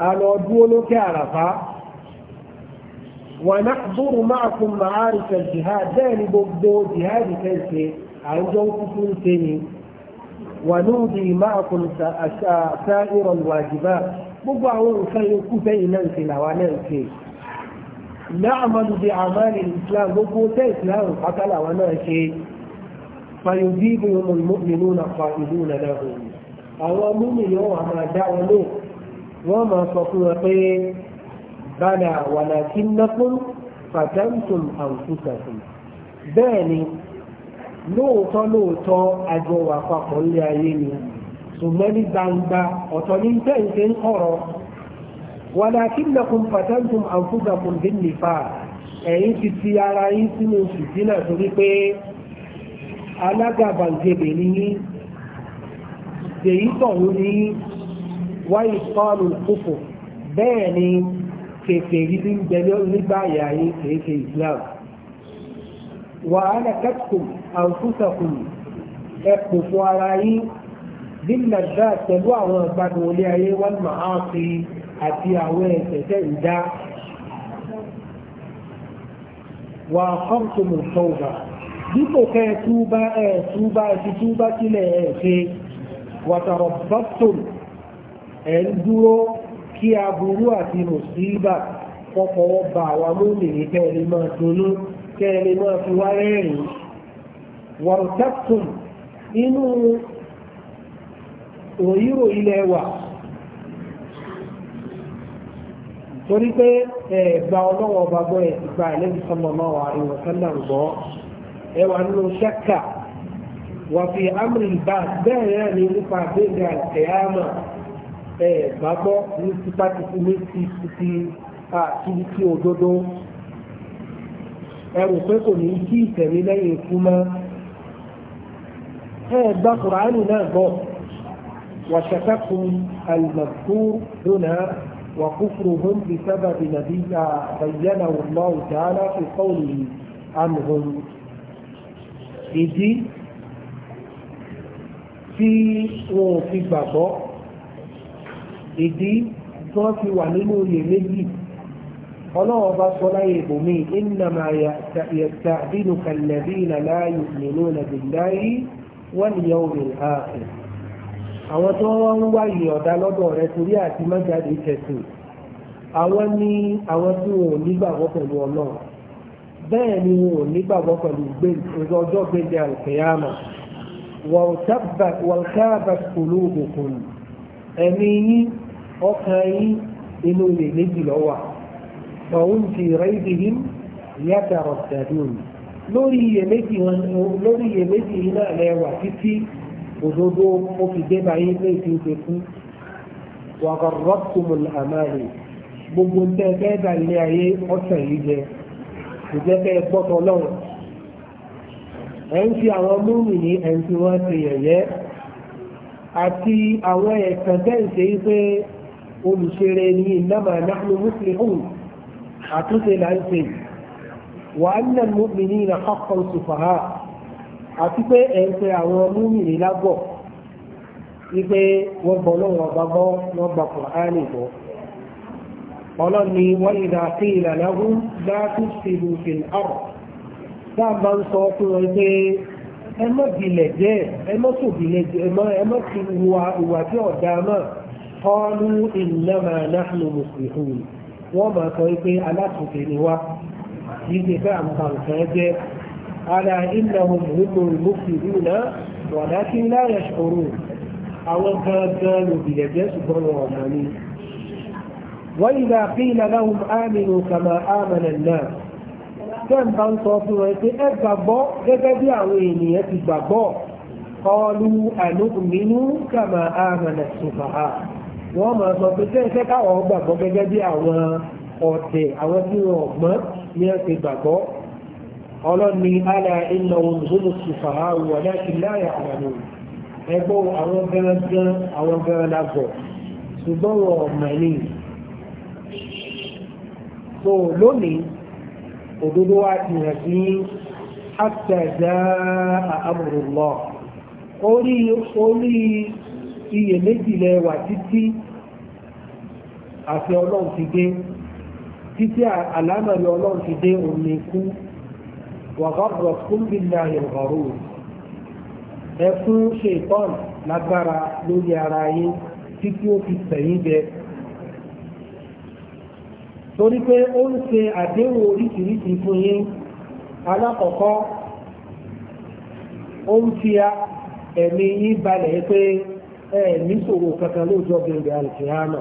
أنا أقول كعرفة ونحضر معكم معارك الجهاد ذلك بو جهاد كيسي عن جوفكم سني ونودي معكم سائر الواجبات gbogbo àwọn nǹkan yòókù bẹ́yìn náà ṣe làwa náà ṣe láàmọ́lùdí àmàlì فيجيبهم المؤمنون قائلون لهم àwọn múmìnì wọn máa dá wọn lò wọ́n máa sọ fún wọn pé bala walakinnakum fatantum anfusakum bẹ́ẹ̀ ni lóòótọ́ lóòótọ́ àjọ wà papọ̀ nílé ayé ni ṣùgbọ́n ní gbangba ọ̀tọ̀ ní tẹ́ǹtẹ́ ń kọ̀rọ̀ walakinnakum fatantum anfusakum bin nifaq ẹ̀yin ti ti ara yín sínú ṣùgbọ́n náà torí pé alágàbàǹgebè ní yín èyí tọ̀hún ní wáyé tọ́ọ̀lù kúfù bẹ́ẹ̀ ni kèfè yìí ti ń bẹ nígbà yà yín kéèké Islam wà á lè kẹ́kùn àǹfùsàkùn ẹ̀pù fún ara yín nílẹ̀ pẹ̀lú àwọn ìgbàdùn olé ayé wọn máa fi àti àwọn ẹ̀sẹ̀ ń dá wà á kọ́ǹtùmù tọ́ọ̀bà dípò kẹ́ túbá ẹ̀ túbá ti túbá sílẹ̀ ẹ̀ ṣe wàtàrọ̀ bọ́tùn ẹ̀ ń dúró kí aburú àti mùsíbà kọ́kọ́wọ́ bá àwọn lónìí kẹ́ẹ̀lẹ́ máa dunú kẹ́ẹ̀lẹ́ máa fi wá rẹ́rìn wọ̀rọ̀tẹ́kùn inú òyírò ilẹ̀ wà torí pé ẹ̀ẹ̀gbà ọlọ́wọ́ ọba gbọ́ ẹ̀ ti gba ẹ̀lẹ́bí sọ́mọ́ wà ìwọ̀sán náà gbọ́ ẹwà nínú ṣẹ́kà wà fi amúlì bá bẹ́ẹ̀ náà ní nípa gbẹ̀ngà ẹ̀yàmà ẹ̀ gbàgbọ́ ní tipátipú ní ti ti àti ti òdodo ẹrù pé kò ní kí ìtẹ̀mí lẹ́yìn ikú mọ́ ẹ gba kùránì náà bọ̀ wàṣàkàkùn àlùmọ̀kú lónà وكفرهم بسبب نبي بينه الله تعالى في قوله عنهم ìdí tí wọn ò fi gbàgbọ́ ìdí tí wọ́n fi wà nínú oyè méjì ọlọ́wọ́ bá sọ láyé ìbòmí innama yasta'dinuka alladhina la yu'minuna billahi wal yawmil akhir àwọn tó wọ́n wá ìyè ọ̀dá lọ́dọ̀ rẹ torí àti májáde tẹ̀sìn àwọn ní àwọn tí wọn nígbàgbọ́ pẹ̀lú ọlọ́run bẹ́ẹ̀ ni wọn ò nígbàgbọ́ pẹ̀lú ọjọ́ gbẹ̀dẹ̀ àlùkìyàmà wàlùkàbà kùlù òkùn ẹ̀mí yín ọkàn yín inú ilé méjì lọ́wọ́ ọ̀hún ti rẹ́ẹ̀dì yín yàtà ọ̀tàdùn lórí iyèméjì yín náà lẹ́wà títí òdodo ó báyìí pé kí n ṣe fún àmàlè gbogbo ń tẹ́ bẹ́ẹ̀ dà ilé ayé ọ̀sẹ̀ yìí jẹ́ kò jẹ́ kẹ́ ẹ gbọ́tọ̀ lọ́rùn ẹ̀ ń fi àwọn múmi ní ẹni tí wọ́n ti yẹ̀yẹ́ àti àwọn ẹ̀sán tẹ́ǹsẹ̀ yìí pé olùṣeré ní ìnáma nahnu muslimun àtúnṣe là ń ṣe wà á nà múmi ní ìlà kọ́kọ́ sùfàhà àti pé ẹ̀ àwọn múmi ní lágbọ̀ wípé wọ́n gbọ́ lọ́wọ́ ọba wọ́n gbà kùránì gbọ́ ọlọ́ni wọ́n ìdá tí ìlà lẹ́hún láti ṣèlú fìl ọ̀rọ̀ dáàbà ń sọ fún wọn pé ẹ mọ́ bìlẹ̀ jẹ́ ẹ mọ́ sòbìlẹ̀ jẹ́ ẹ mọ́ ti wà ìwà tí ọ̀dà náà kọ́ọ́lù ìnáma náhùn mùsùlùmí wọ́n máa sọ pé alátùnfẹ́ ni wá kìí fẹ́ àǹfààǹfẹ́ jẹ́ ara ìnáhùn mùsùlùmí mùsùlùmí náà wà وإذا قيل لهم آمنوا كما آمن الناس كان بان صوفوا يتأببوا يتبع وين يتبعوا قالوا أنؤمن كما آمن السفهاء وما صوفوا يتبعوا بابوا يتبعوا ọ̀tẹ̀ àwọn tí wọn ọ̀gbọ́n ní ẹ̀sẹ̀ gbàgbọ́ ọlọ́ni ala iná ohun ìhúnmù sí fàáwù aláṣì láyà àrànù ẹgbọ́ àwọn gẹ́rẹ́gẹ́rẹ́ àwọn gẹ́rẹ́ lágbọ̀ ṣùgbọ́n wọn ọ̀mọ̀ ní so lónìí òdodo wa ti hàn sí àtẹ̀dá àmúrùlọ orí orí iyèméjì lẹ wà títí àti ọlọ́run ti dé títí àlámọ̀lẹ́ ọlọ́run ti dé òun ní kú wàhọ́rọ̀ kúndínlá ìrọ̀rù ẹkún ṣe ìtọ́n lágbára lórí ara yín títí ó fi tẹ̀yìn jẹ torí pé ó ń ṣe àdéhùn oríṣiríṣi fún yín alákọ̀ọ́kọ́ ó ń fi ẹ̀mí yín balẹ̀ pé ẹ ní ṣòro kankan lóòjọ́ bẹ̀rẹ̀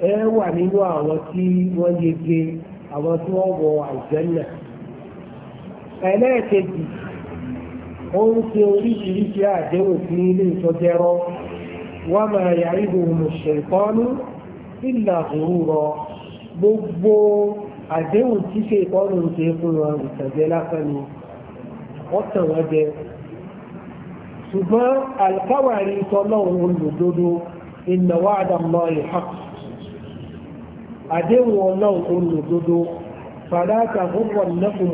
ẹ wà nínú àwọn tí wọ́n yege àwọn tí wọ́n wọ àlùjànnà ẹlẹ́ẹ̀kejì ó ń ṣe oríṣiríṣi àdéhùn sí ilé ìtọ́jẹ́rọ́ wọ́n máa yàrá ìdòwò mọ̀ṣẹ̀ ìlà gbogbo àdéhùn tí ṣe ìkọ́nù ń ṣe fún wọn ìtànjẹ lásán ni wọ́n tàn wọ́n jẹ ṣùgbọ́n alkawari tọ́lọ́run olùdodo inna wa'da Allahi haqq àdéhùn ọlọ́run olùdodo fala taghurrannakum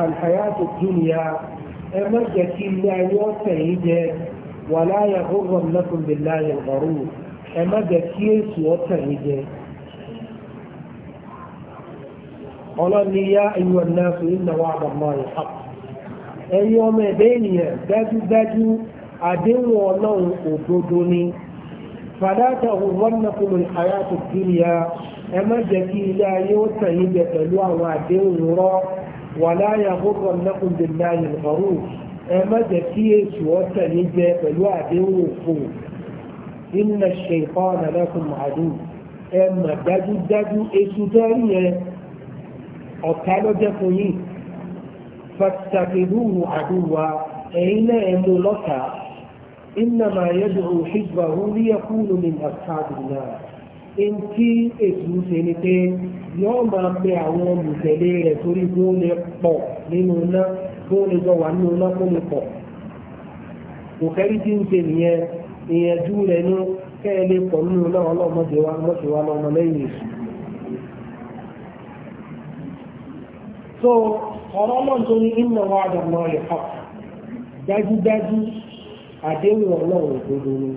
al-hayatu dunya ẹ má jẹ́ kí ilé ayé ọ̀sẹ̀ yìí jẹ wala yaghurrannakum billahi al-ghurur ẹ má jẹ́ kí èsù ọ̀sẹ̀ yìí jẹ. ọlọ́ni yá ayúwa náà fi iná wà bàmọ́ ìhà ẹ̀yin ọmọ ẹ̀dẹ́ ènìyàn dájúdájú àdéhùn ọlọ́run òdodo ni fàdákà òwúrọ̀ náà kò lè àyà tó kiri ya ẹ má jẹ́ kí ilé ayé ó tàn yín bẹ̀ pẹ̀lú àwọn àdéhùn rọ́ wàlá yàgòkò nàkùn bìlá ìlọrù ẹ má jẹ́ kí èsù ọ̀tẹ̀ yín jẹ pẹ̀lú àdéhùn òfò ìnà ṣèkọ́ nàlẹ́kùn màdùn ẹ mà dájúdájú èsù tẹ́rì yẹn ọ̀tá ló jẹ́ fún yín fàtàkìlúhù àdúwà ẹ̀yin náà ẹ̀ mú lọ́tà innama yad'u hizbahu liyakunu min ashabin nar ń tí ètò ṣe ni pé yóò máa àwọn olùtẹ̀lé rẹ̀ torí lè pọ̀ nínú iná lè so ọ̀rọ̀ náà tó ní inna wa'da Allahi haqq dájúdájú àdéhùn ọlọ́run òdodo ni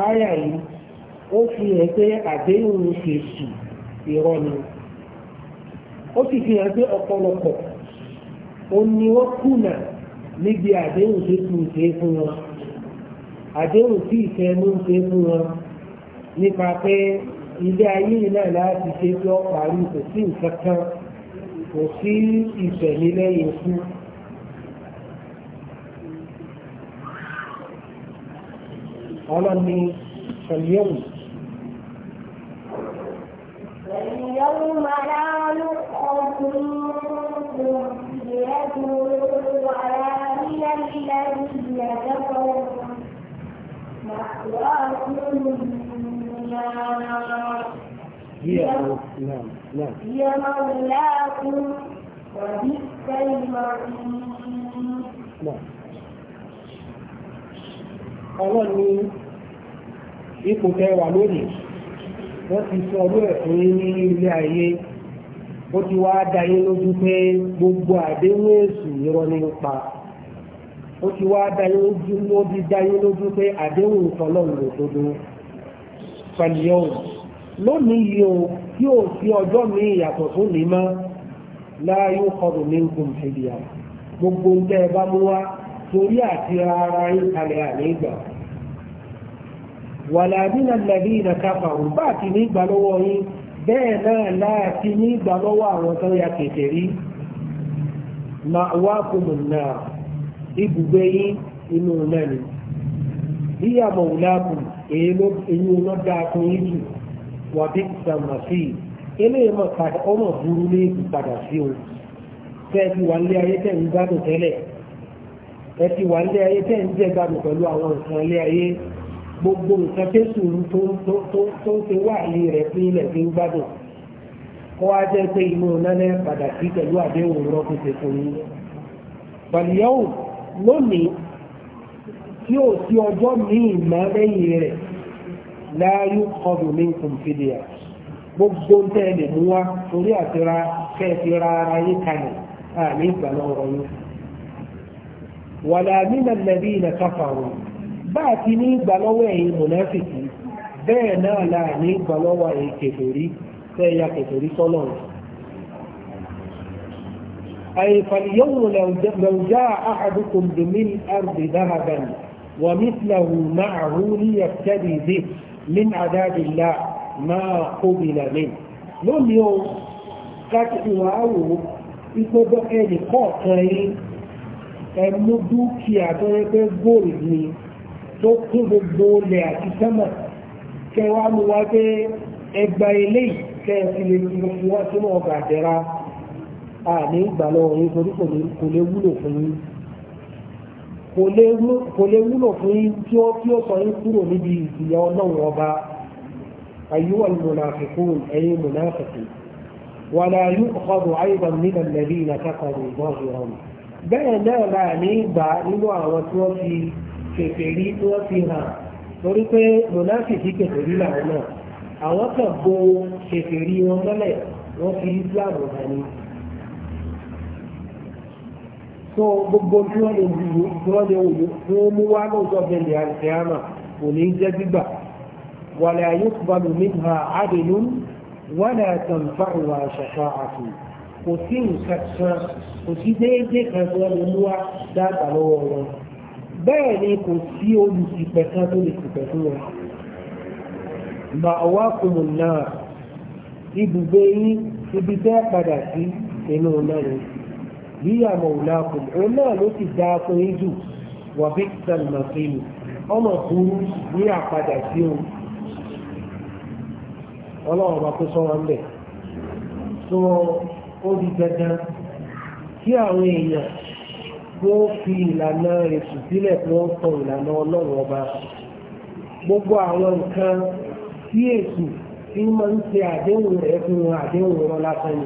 ààyà yìí ó fi hàn pé àdéhùn èsì irọ́ ni ó sì fi hàn pé ọ̀pọ̀lọpọ̀ ó ní wọ́n kùnà níbi àdéhùn tó kù ṣe fún wọn àdéhùn tí ìfẹ́ ló ṣe fún wọn nípa pé ilé ayé náà láti ṣe pé ó parí kò sí nǹkan kan kò sí ìṣẹ̀lẹ̀ lẹ́yìn ikú. ọlọ́ni ṣẹlẹ̀yẹ̀wò. ṣẹlẹ̀yẹ̀wò máa rà lókọ̀ọ́kùnrin Thank you. هي نعم نعم هي مولاكم وبئس المصير نعم ọlọ́run ní ipò tẹ́ wà lónìí wọ́n ti sọ ọdún ẹ̀fún ní ilé ayé ó ti wá dayé lójú pé gbogbo àdéhùn èsù irọ́ ní pa ó ti wá dayé lójú ó ti dayé lójú pé àdéhùn ìtọ́lọ́run lòdodo pẹ̀lú ọ̀hún lónìí yìí o tí ò sí ọjọ́ mi ìyàtọ̀ tó ní mọ́ láyé kọdùn ní nǹkan ìṣèlú gbogbo ń tẹ́ ẹ bá mú wá torí àti ara yín kalẹ̀ ànígbà wàlàdínà lẹ́bí ìdàkàfà ń bá ti nígbà lọ́wọ́ yín bẹ́ẹ̀ náà láti nígbà lọ́wọ́ àwọn tó ya kèkè rí ma wá kùmù náà ibùgbé yín inú náà bí àmọ̀ òlákùn èyí ló dáa fún yín jù wà bí sàmàfì eléyìí mọ̀ padà ọmọ burú ní ìpadà sí o tẹ́ẹ̀tì wà lé ayé tẹ́ ń gbádùn tẹ́lẹ̀ ẹ̀tì wà lé ayé tẹ́ ń jẹ́ gbádùn pẹ̀lú àwọn nǹkan lé ayé gbogbo nǹkan tó sùúrù tó ń ṣe wà lé rẹ̀ fún ilẹ̀ tó ń gbádùn kó wá jẹ́ pé inú nánẹ́ padà sí pẹ̀lú àdéhùn rọ́pù ṣe fún yín pàlìyàwó lónìí tí ò sí ọjọ́ míì má lẹ́yìn rẹ̀ لا يؤخذ منكم فدية بغضون تاني هو سوريا ترى كثيرا رايكاني آمين آه، بلو ولا من الذين كفروا باتني بلو اي منافقين بينا لا ني بلو اي كثيري سيا كثيري صلوه أي فاليوم لو جاء, أحدكم بملء أرض ذهبا ومثله معه ليفتدي به من àdáàdìlá الله ما mi lónìí o láti wà á wò ìgbọ́dọ̀ ẹnì kọ̀ọ̀kan yín ẹmú dúkìá tó yẹ pé góòlù ni tó kún gbogbo olè àti sẹ́mà kẹwàá mú wá pé ẹgbà ilé kẹfì lè fi wá sínú ọgbà àjẹrà àní ìgbàlọ́ òun torí kò lè wúlò fún yín kò lè wúlò fún yín tí ó tí ó sọ yín kúrò níbi ìyà ọlọ́run ọba ayúwà mùnàfikún ẹ̀yin mùnàfikún wà láàyè ọkọ̀dù àìbọn nílẹ̀ lẹ́bí ìnàkàkọ̀dù ìbọ̀sùrọ̀mù bẹ́ẹ̀ náà láà ní ìgbà nínú àwọn tí wọ́n fi kèfèrí tí wọ́n fi hàn torí pé mùnàfikún kèfèrí làwọn náà àwọn kan bo kèfèrí wọn mọ́lẹ̀ wọ́n fi Islam hàn ní tó gbogbo tí wọ́n lè wùdú tí wọ́n lè wùdú tí wọ́n mú wá lóòótọ́ bẹ̀rẹ̀ àìsíámà kò ní jẹ́ gbígbà wàlẹ̀ àyùkùbalù nígbà àdìlú wàlẹ̀ àtàǹfà ìwà àṣàṣà àti kò sí nǹkan kò sí déédéé kan tí lè mú wá dáàbà lọ́wọ́ wọn bẹ́ẹ̀ ni kò sí olùsìpẹ̀ kan tó lè sìpẹ̀ fún wọn. mà ọwá kùmù náà ibùgbé yín ibi tẹ́ padà sí inú náà lè sí níyà mọ̀wùlákùn òun náà ló ti dá fún yín jù wà bí sàlùmọ̀sílù ọmọ burú ní àpadà sí o ọlọ́run bá kó sọ́wọ́ ń bẹ̀ sọ ó di dandan kí àwọn èèyàn tó fi ìlànà ètò sílẹ̀ tí wọ́n sọ ìlànà ọlọ́run ọba gbogbo àwọn nǹkan tí ètò tí máa ń ṣe àdéhùn rẹ̀ fún àdéhùn rọ́ lásán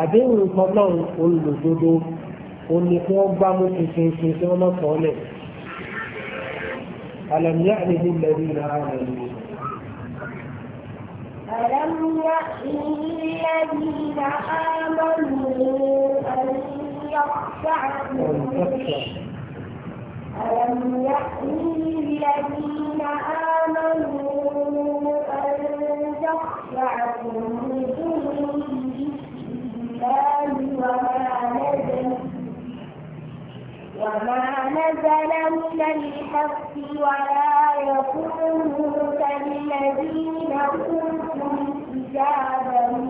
àdéhùn tọ́lọ́run olùdodo òní kí wọ́n gbá mú tuntun tí wọ́n máa kọ́ lẹ̀. ألم يأن للذين آمنوا ألم يأن للذين آمنوا أن يخشعوا ألم يأن للذين آمنوا أن تخشع قلوبهم وما نزل من الحق ولا يكونوا كالذين أوتوا الكتاب من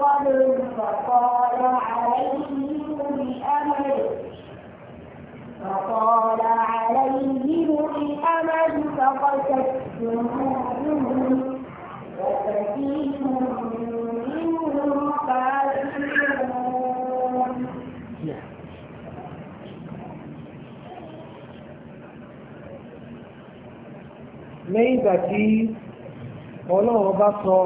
قبل فقال عليهم الأمر فطال عليهم الأمل lẹ́yìn ìgbà tí ọlọ́run bá sọ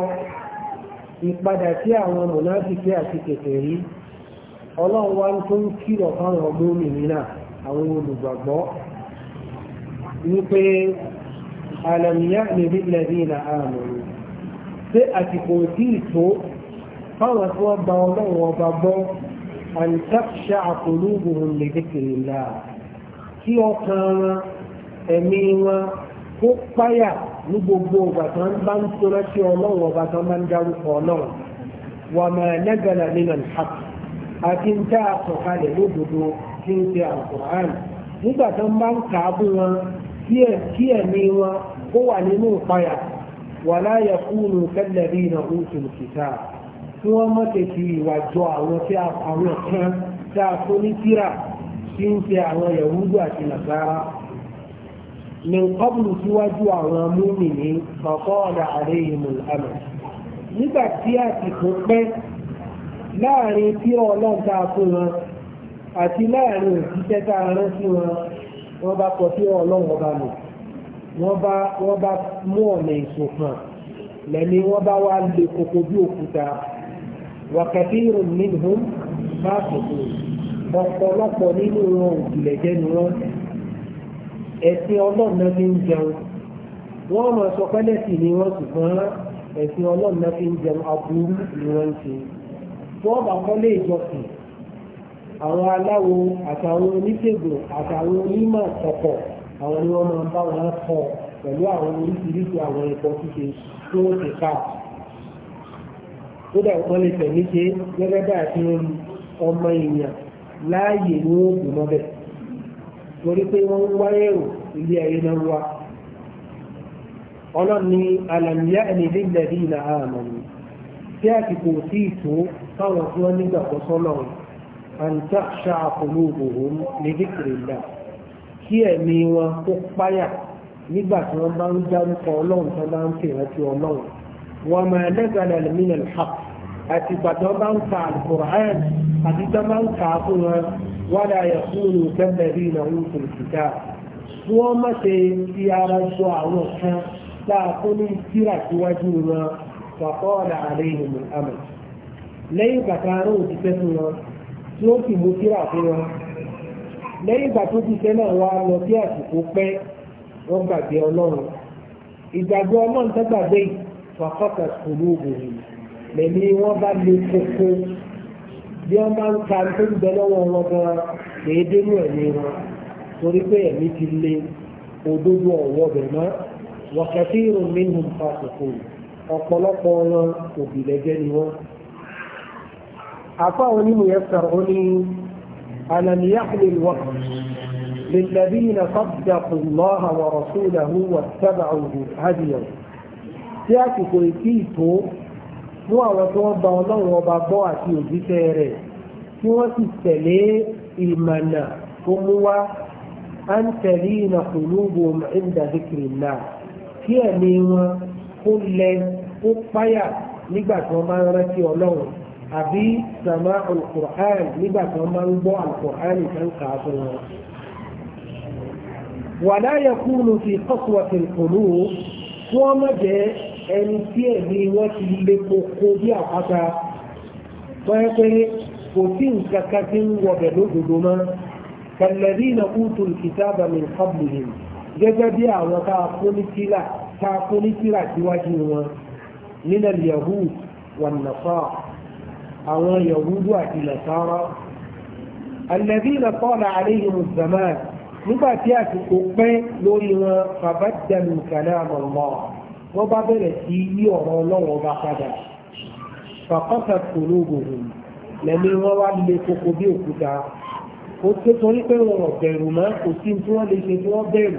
ìpadà sí àwọn mọ̀nàfíkì àti kèfèrí ọlọ́run wá tó ń kìlọ̀ fáwọn ọmọ òmìnira àwọn olùgbàgbọ́ wípé alàmìyá níbi lẹ́bí ìlà àmọ̀rù pé àtìkò tí ìtò fáwọn tí wọ́n gba ọlọ́run ọba gbọ́ àìsàkṣà àpòlúgbòhùn lè tó páyà ní gbogbo ọgbà tó ń bá ń tóná sí ọlọ́run ọba tó máa ń dárúkọ ọlọ́run wà máa nẹ́gàlà nínú ìhàk àti ń dá àkọkalẹ̀ lódodo tí ń ṣe àkùrán nígbà tó ń bá ń kà á bú wọn kí ẹ̀mí wọn kó wà nínú ìpáyà wà láyà kúrò tẹ́lẹ̀ rí iná oṣù kìtà tí wọ́n mọ̀ tètè ìwà jọ àwọn tí àwọn kan tá a tó ní kíra tí ń ṣe àwọn yahoo àti nàgbára min qablu síwájú àwọn múmìnì faqala alayhimul amal nígbà tí àsìkò pẹ́ láàrin tí ọlọ́ta fún wọn àti láàrin òṣìṣẹ́ tá a rán sí wọn wọ́n bá kọ sí ọlọ́run ọba nù wọ́n bá wọ́n bá mú ọ̀nà ìṣòkan lẹ́ni wọ́n bá wá lè koko bí òkúta wàkàtí irun minhum bá kòkòrò ọ̀pọ̀lọpọ̀ nínú wọn òjìlẹ̀jẹ́ ni wọ́n ẹ̀sìn ọlọ́run náà fi ń jẹun wọ́n máa sọ pẹ́lẹ́ sí ni wọ́n ṣùgbọ́n ẹ̀sìn ọlọ́run náà fi ń jẹun aburú ni wọ́n ń ṣe wọ́n bá kọ́lé ìjọsìn àwọn aláwo àtàwọn oníṣègùn àtàwọn onímọ̀ ọ̀pọ̀ àwọn ni wọ́n máa ń bá wọn kọ́ pẹ̀lú àwọn oríṣiríṣi àwọn ẹ̀kọ́ ṣíṣe tí wọ́n ti ká kódà wọ́n lè tẹ̀lé ṣe gẹ́gẹ́ bá àti ọmọ èèyàn láàyè ní oògùn mọ́bẹ̀ẹ́ torí pé wọ́n ń wá èrò ilé ayé náà wá ọlọ́run ní alàmìyá ẹni lílẹ̀ bí ìlà àmàlù tí àsìkò tí ìtò káwọn tí wọ́n nígbàgbọ́ sọ́nà àǹtà ṣàkóló òhun ní dìkìrì ìlà kí ẹ̀mí wọn kó páyà nígbà tí wọ́n bá ń dárúkọ ọlọ́run tó bá ń pè rántí ọlọ́run wọ́n máa lẹ́gbàá lẹ́mìnà lẹ́hàpù àti gbàtọ́ bá ń ka alukur'an àti tó bá ń ka fún wọn wàlá yẹ̀kúrú kẹ́mẹ́rì náà ń kùn kíkà. kí wọ́n má ṣe fi ara sọ àwọn kan tá a kó ní kíra síwájú wọn fàkọ́ọ̀lá àlẹ́ ìhìnmù àmọ̀. lẹ́yìn bàtà arán ò fẹ́ fún wọn tí ó sì mú kíra fún wọn. lẹ́yìn ìgbà tó fẹ́ náà wá lọ bí àsìkò pẹ́ wọ́n gbàgbé ọlọ́run. ìgbàgbé ọlọ́run tẹ́gbàgbé yìí fàkọ́ta lèmi wọ́n bá lè koko bí wọ́n bá ń ka tó ń bẹ lọ́wọ́ wọn gan kèé dénú ẹ̀mí wọn torí pé ẹ̀mí ti lé òdodo ọ̀wọ́ bẹ̀ mọ́ wọ̀kẹ́tì ìròmí ń fa kòkò ọ̀pọ̀lọpọ̀ wọn òbí lẹ́jẹ́ ni wọ́n. عفاه يسرني ألم يحل الوقت للذين صدقوا الله ورسوله واتبعوا هديه تأتي كويتيتو fún àwọn tí wọ́n gba ọlọ́run ọba gbọ́ àti òjíṣẹ́ rẹ̀ tí wọ́n sì tẹ̀lé ìmọ̀nà tó mú wá à ń tẹ̀lé ìnàkùnú bo ẹ̀ńdà zikiri náà kí ẹ̀mí wọn kó lẹ kó páyà nígbà tí wọ́n máa ń rántí ọlọ́run àbí sàmà alukur'an nígbà tí wọ́n máa ń gbọ́ alukur'an ìtàn kàá fún wọn. wàlá yẹ kúrò fi kọ́sùwàtì kùnú wọ́n má jẹ́ ẹni tí ẹ̀mí wọ́n ti lé koko bí àpáta pẹ́ẹ́pẹ́ẹ́ kò sí nǹkan kan tí ń wọ̀bẹ̀ lódodo mọ́ kẹlẹ́rì náà kútu ìkìtàbà mi kábù yìí gẹ́gẹ́ bí àwọn tá a fún ní síwájú wọn nínú yahoo wà nàfà àwọn yahudu àti nàfàrà alẹ́bí náà kọ́ra àríyìn mùsùlùmá nígbà tí àsìkò pẹ́ lórí wọn fàbàdàn kàlẹ́ àmọ́ wọ́n bá bẹ̀rẹ̀ sí yí ọ̀rọ̀ ọlọ́wọ́ bá padà fàkọ́sà kòló gbòòrò lẹ́ni wọ́n wá lè koko bí òkúta ó tó torí pé wọn ò bẹ̀rù mọ́ kò sí tí wọ́n lè ṣe tí wọ́n bẹ̀rù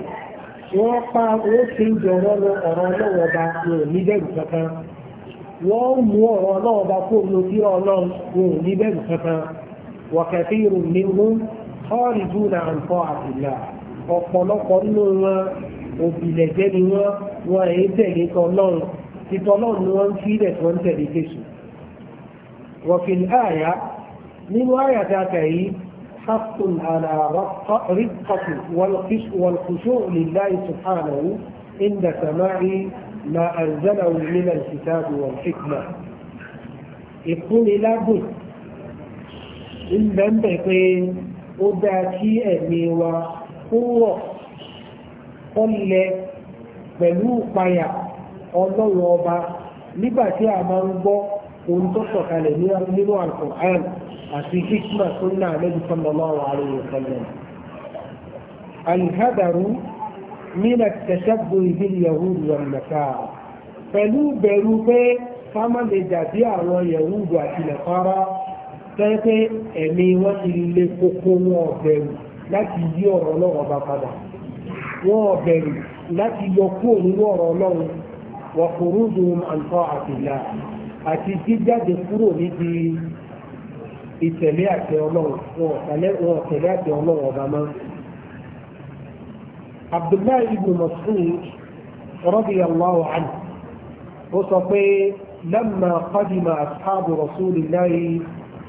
wọ́n pa ó ṣe ń jọ ọ̀rọ̀ ọlọ́wọ́ bá wọn ò ní bẹ̀rù kankan wọ́n mú ọ̀rọ̀ ọlọ́wọ́ bá kó ló sí ọlọ́run wọn ò ní bẹ̀rù kankan wọ̀kẹ̀tì ìrùn ní mú ọ́ọ̀rì júùnà àǹfọ̀ àbìlà ọ̀pọ̀lọpọ̀ nínú wọn òbílẹ̀jẹ́ ni wọ́n wọ́n èyí tẹ̀lé tọlọ́run ti tọlọ́run ni wọ́n ń fílẹ̀ tí wọ́n ń tẹ̀lé jésù. wọ̀fìn àyà nínú àyà dáadáa yìí حق على رقة والخشوع لله سبحانه عند سماع ما أنزله من الكتاب والحكمة يكون لابد إن بنبقي أداكي أمي وقوة ó lẹ pẹ̀lú ìpayà ọlọ́run ọba nígbà tí a máa ń gbọ́ ohun tó sọ̀kalẹ̀ nínú Al-Qur'an àti hikma tó ń náà lẹ́yìn sallallahu alaihi wa sallam. alhadaru mina tẹ̀sẹ̀gbọ̀ bil yahud wan nasara pẹ̀lú bẹ̀rù pé fámàlì dàbí àwọn yahudu àti nasara tẹ́tẹ́ ẹ̀mí wọn ti lè kókó wọn láti yí náà ọba padà. wọn ò bẹ̀rù láti yọ kúrò nínú ọ̀rọ̀ ọlọ́run wà khurujuhum an ta'atillah àti jíjáde kúrò níbi ìtẹ̀lé àtẹ ọlọ́run wọn ò tẹ̀lé àtẹ ọlọ́run ọba mọ́. Abdullahi ibn Mas'ud radiyallahu anhu ó sọ pé lamma qadima ashabu rasulillahi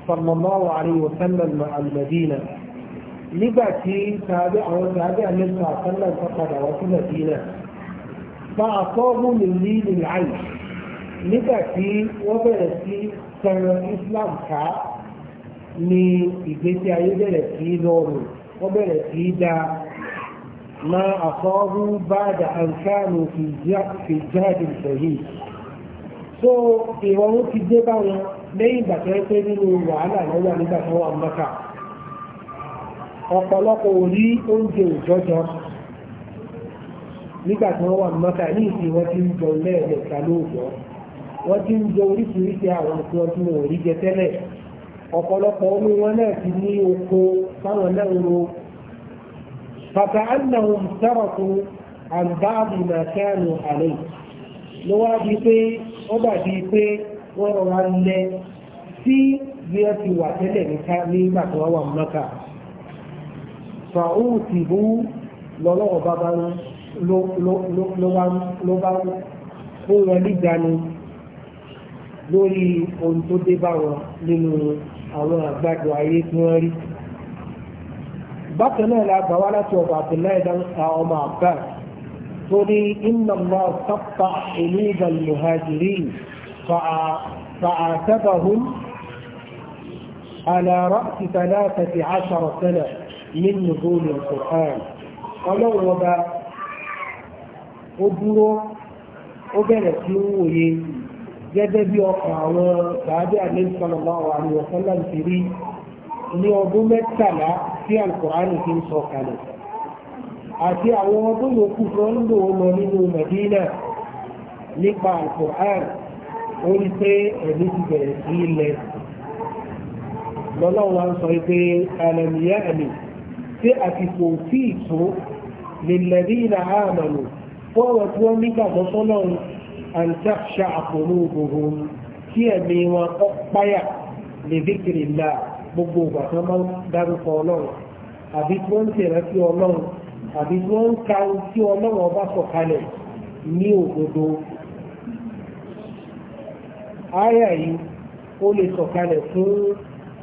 sallallahu alayhi wa sallam ma'al madina nígbà tí tàbí àwọn tàbí àlẹ́sọ̀ àtàlà ń padà wá sí nàìjíríà fa àkọ́bù lè ní ilẹ̀ àì nígbà tí wọ́n bẹ̀rẹ̀ sí tẹran Islam ká ni ìgbésí ayé bẹ̀rẹ̀ sí lọ́rùn wọ́n bẹ̀rẹ̀ sí dá ma àkọ́bù bá dà àǹkánu fi jáde sẹ́yìn so ìrọ̀rùn ti dé báwọn lẹ́yìn ìgbà tó ń pẹ́ nínú wàhálà lọ́wọ́ nígbà tó wà mọ́ta. ọ̀pọ̀lọpọ̀ ò rí oúnjẹ òjọ́jọ́ nígbà tí wọ́n wà mọ́ta ní ìsìn wọ́n ti ń jọ lẹ́ẹ̀mẹ́ta lóòjọ́ wọ́n ti ń jọ oríṣiríṣi àwọn tí wọ́n ti rí jẹ tẹ́lẹ̀ ọ̀pọ̀lọpọ̀ wọn náà ti ní oko táwọn náà ń ro di pé ó pé wọ́n rọra ti wà tẹ́lẹ̀ nígbà tí wọ́n wà fàáùtìbú lọ́lọ́wọ́ bàbá ló bá ń kó wọn níjànú lórí ohun tó dé bá wọn nínú àwọn àgbàdo ayé tí wọ́n rí. bákan náà la gbà wá láti ọ̀dọ̀ Abdullahi dan ọmọ Abbas tó ní inna Allah sábà olúbal muhajirin fa'atabahum ala ra'si thalathati ashara sana. من نزول القرآن ọlọ́run ọba ó dúró ó bẹ̀rẹ̀ sí ń wòye gẹ́gẹ́ bí ọkàn àwọn bàbá àlẹ́sọ̀lọ́wọ́ àwọn ìwọ̀sánlá ti rí ní ọdún mẹ́tàlá tí alukùránì fi ń sọ kalẹ̀ àti àwọn ọdún yòókù tó ń lò lọ nínú Mẹdínà nípa alukùránì ó rí pé ẹ̀mí ti bẹ̀rẹ̀ sí ilẹ̀ lọ́lọ́run wa ń sọ pé alẹ́mìyá ẹ̀mí sí àtìkò tí ìtò lèlẹ́rí ìlà àmàlò fọ́wọ́ tí wọ́n nígbàgbọ́ sọ́nà àǹtàṣà àkòrò ògbòho kí ẹ̀mí wọn kọ́ páyà lè díkìrì là gbogbo ìgbà tó máa ń dárúkọ ọlọ́run àbí tí wọ́n tẹ̀rẹ́ sí ọlọ́run àbí tí wọ́n ka ohun tí ọlọ́run ọba sọ̀kalẹ̀ ní òdodo àyà yìí ó lè sọ̀kalẹ̀ fún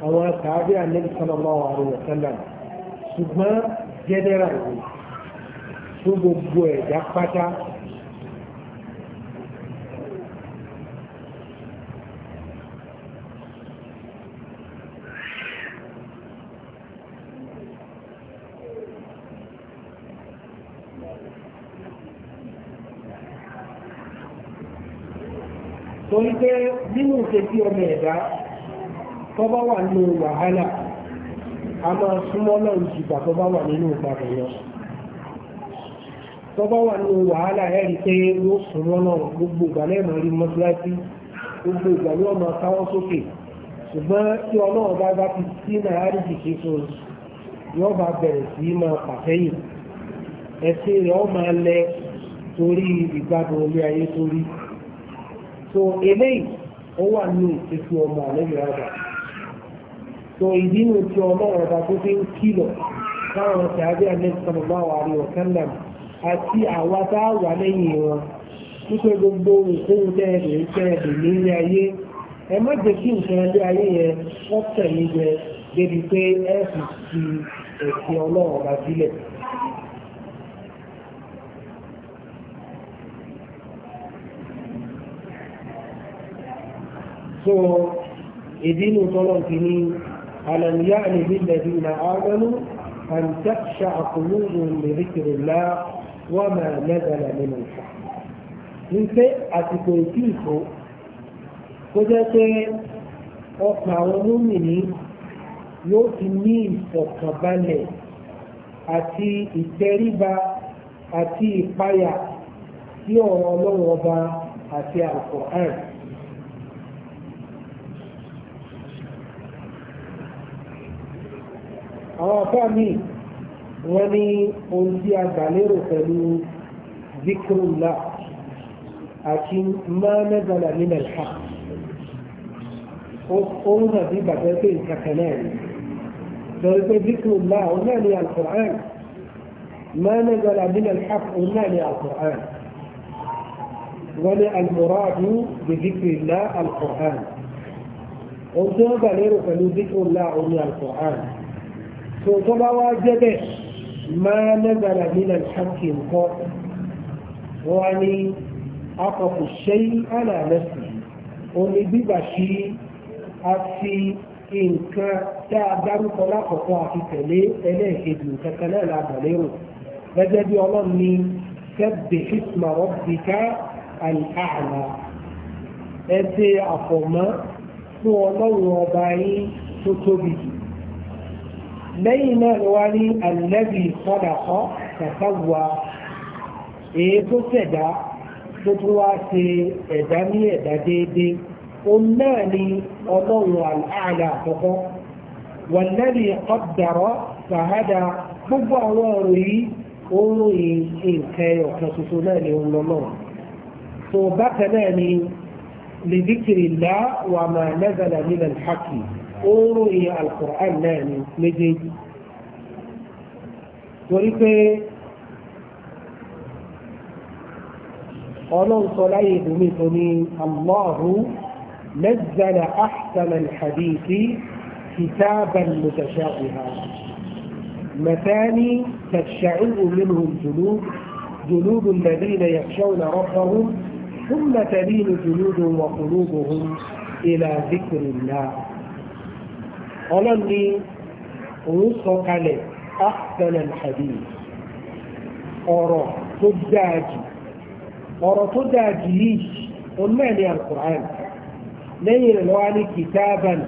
àwọn sàábì àlẹ́ ìsọ̀lọ́mọ́ àwọn àrùn ọ̀sán náà ṣùgbọ́n jẹ́nẹ́rà ìwé fún gbogbo ẹ̀dá pátá torí pé nínú ìṣẹ́jú ọmọ ẹ̀dá tọ́bá wà nínú wàhálà a máa súnmọ́ náà ju ìgbà tó bá wà nínú ìgbàgbọ́ lọ tó bá wà nínú wàhálà ẹ̀ rí pé yóò súnmọ́ náà gbogbo ìgbà lẹ́ẹ̀mọ́ rí mọ́síláṣí gbogbo ìgbà yóò máa káwọ́ sókè ṣùgbọ́n tí ọlọ́run bá bá ti sí nàárì kìkì fún un yóò bá bẹ̀rẹ̀ sí máa pàtẹ́yìn ẹ̀sìn rẹ̀ ó máa lẹ torí ìgbádùn orí ayé torí so eléyìí ó wà ní ìṣesí ọmọ àlejò àgbà tó ìdínú tí ọlọ́run ọba tó fi ń kìlọ̀ káwọn ṣàbí àmẹ́sàn-án wà rí ọ̀kánlá àti àwa tá a wà lẹ́yìn wọn wípé gbogbo nǹkan tẹ́ẹ̀dẹ̀ tẹ́ẹ̀dẹ̀ nílé ayé ẹ má jẹ́ kí nǹkan ilé ayé yẹn wọ́n tẹ̀lé jẹ débi pé ẹ fi ti ẹ̀sìn ọlọ́run ọba sílẹ̀. so ìdí inú tọ́lọ́ ti ní ألم يعني للذين آمنوا أن تخشع قلوبهم لذكر الله وما نزل من الحق wípé àsìkò ìtìkò kó jẹ́ pé ọkàn àwọn olómìnì yóò ti ní ìfọ̀kànbalẹ̀ àti ìtẹríba àti ìpayà sí ọ̀rọ̀ ọlọ́run ọba àti àkọ́hàn. àwọn afẹ́ mi wọ́n ní ohun tí a gbà lérò pẹ̀lú zikrullah àti mọ́nẹ́gbọ̀nà nínú ẹ̀ka ohun náà bí bàtẹ́ pé nǹkan kan náà ni lórí pé zikrullah òun náà ní al-Qur'an mọ́nẹ́gbọ̀nà nínú ẹ̀ka òun náà ní al-Qur'an wọ́n ní al-muradu bi zikrillah ohun tí wọ́n gbà lérò pẹ̀lú zikrullah òun ní al tó tó bá wá jẹ́ bẹ́ẹ̀ máa lẹ́gbàrà nínú ìṣàkì nǹkan wọ́n á ní akọ̀kọ̀ ṣe àná lẹ́sì omi gbígbà sí a fi nǹkan tá a lákọ̀ọ́kọ́ àti tẹ̀lé ẹlẹ́ẹ̀kejì nǹkan náà lágbà lérò gẹ́gẹ́ bí ọlọ́run ní sẹ́bẹ̀ ìsìnmọ̀ ọ̀bìkà àlàáhàlà ẹ àfọ̀mọ́ fún ọlọ́run ọba yín tó tóbi jù lẹ́yìn náà ló wá ní alẹ́bí sọ́dàkọ́ kàtàwà èyí tó ṣẹ̀dá tó tún wá ṣe ẹ̀dá ní ẹ̀dá déédéé òun náà ni ọlọ́run àlàálà àkọ́kọ́ wàlẹ́bí ọ̀dàrọ̀ sàhádà gbogbo àwọn ọ̀rọ̀ yìí oorun yìí nǹkan ọ̀kan tuntun náà ni òun lọ́nà tó bákan náà ni lèdíkìrì lá wà máa nẹ́gbàlá nílẹ̀ hákì. oorun ń ròyìn alukur'an náà ní méjèèjì torí pé ọlọ́run sọ láyé ìdùnnú tó ní allahu nazzala ahsana alhadithi kitaban mutashabiha مثاني تشعر منه الجلود جلود الذين يخشون ربهم ثم تلين جلودهم وقلوبهم إلى ذكر الله ọlọ́ni òun sọ kalẹ̀ ahsanal hadith ọ̀rọ̀ tó dáa jù ọ̀rọ̀ tó dáa jù yìí òun náà ní alukur'an lẹ́yìn rẹ̀ lọ́wọ́ ní kìtàbàn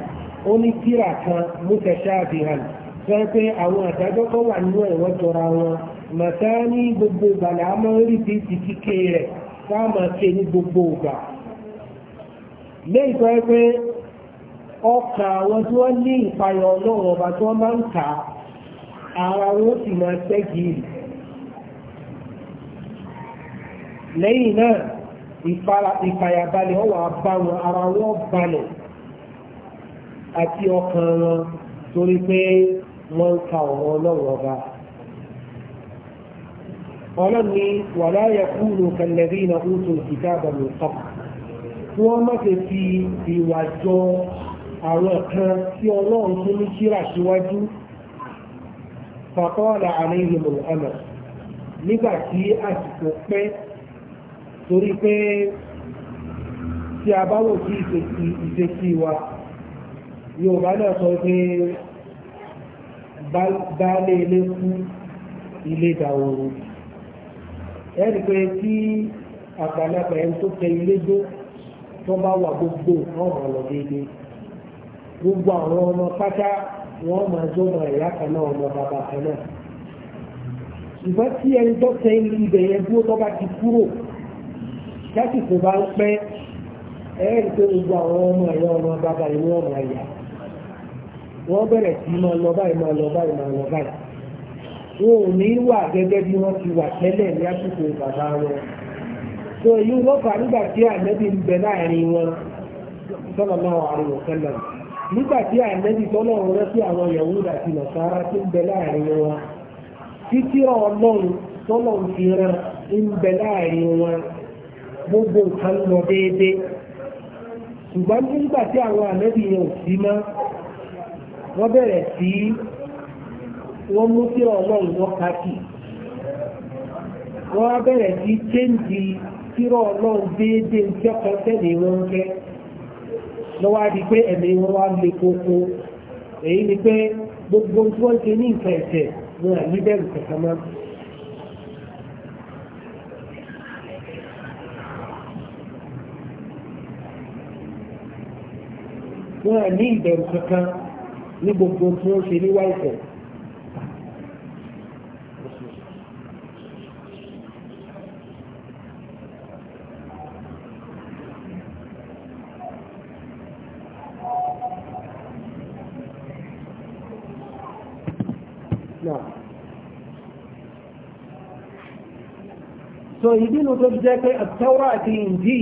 ó ní tírà kan mutashabihan fẹ́ àwọn àdájọ́ tó wà nínú ẹ̀wọ́ jọra wọn màtá ní gbogbo ìgbà là á máa ti kíké rẹ̀ fáwọn máa ní gbogbo ìgbà lẹ́yìn tó yẹ pé ọkà àwọn tí wọ́n ní ìpayọ̀ ọlọ́run ọba tí wọ́n máa ń kà á ara wọn sì máa ṣẹ́gi lẹ́yìn náà ìfàyàbalẹ̀ ọwọ́ àbá ara wọn balẹ̀ àti ọkàn wọn torí pé wọ́n ń ka ọ̀rọ̀ ọlọ́run ọba. ọlọ́run ni wàlá yakunu kalladhina utul kitaba min qabl. wọ́n má ṣe fi ìwà jọ àwọn kan tí ọlọ́run tó ní kíra síwájú fàkọ́ọ̀lá àlẹ́yìn mọ̀lẹ́mọ̀ nígbà tí àsìkò pẹ́ torí pé tí a bá wò sí ìṣesí wa yorùbá náà sọ pé baálé ilé kú ilé dàwòrò ẹni pé tí àgbàlagbà ẹni tó tẹ ilé dó tó bá wà gbogbo ọ̀rọ̀ lọ déédéé gbogbo àwọn ọmọ pátá wọ́n máa jọmọ ẹ̀yà kan náà ọmọ bàbá kan náà ṣùgbọ́n tí ẹni tó tẹ ibẹ̀ yẹn dúró tó bá ti kúrò lásìkò bá ń pẹ́ ẹ̀ẹ́dì pé gbogbo àwọn ọmọ ẹ̀yà ọmọ bàbá yìí wọ́n máa yà wọ́n bẹ̀rẹ̀ sí máa lọ báyìí máa lọ báyìí máa lọ báyìí wọn ò ní wà gẹ́gẹ́ bí wọ́n ti wà tẹ́lẹ̀ ní àsìkò bàbá wọn tó èyí wọ́n fà nígbà tí ànábì ń bẹ láàrin wọn sọ́nà máa wà àrùn òkè náà. nígbà tí ànẹ́bí ọrụ rẹ sí àwọn Yahuda àti Nasara tí ń bẹ láàrin wọn títí ọlọ́run ń bẹ láàrin wọn gbogbo nǹkan lọ déédéé ṣùgbọ́n nígbà tí àwọn ànẹ́bí yẹn ò sí mọ́ wọ́n bẹ̀rẹ̀ sí wọ́n mú sí ọlọ́run wọn káàkiri wọ́n bẹ̀rẹ̀ sí sírọ̀ ọlọ́run lọ́wọ́ á di pé ẹ̀mí wọn wá lè kókó èyí ni pé gbogbo tí wọ́n ṣe ní nǹkan ẹ̀jẹ̀ wọn à ní bẹ̀rù kankan mọ́. wọn à ní ìbẹ̀rù kankan ní gbogbo tí wọ́n ṣe ní wáìsàn. so ìdí inú tó jẹ́ pé àtẹ́wọ́ àti ìjì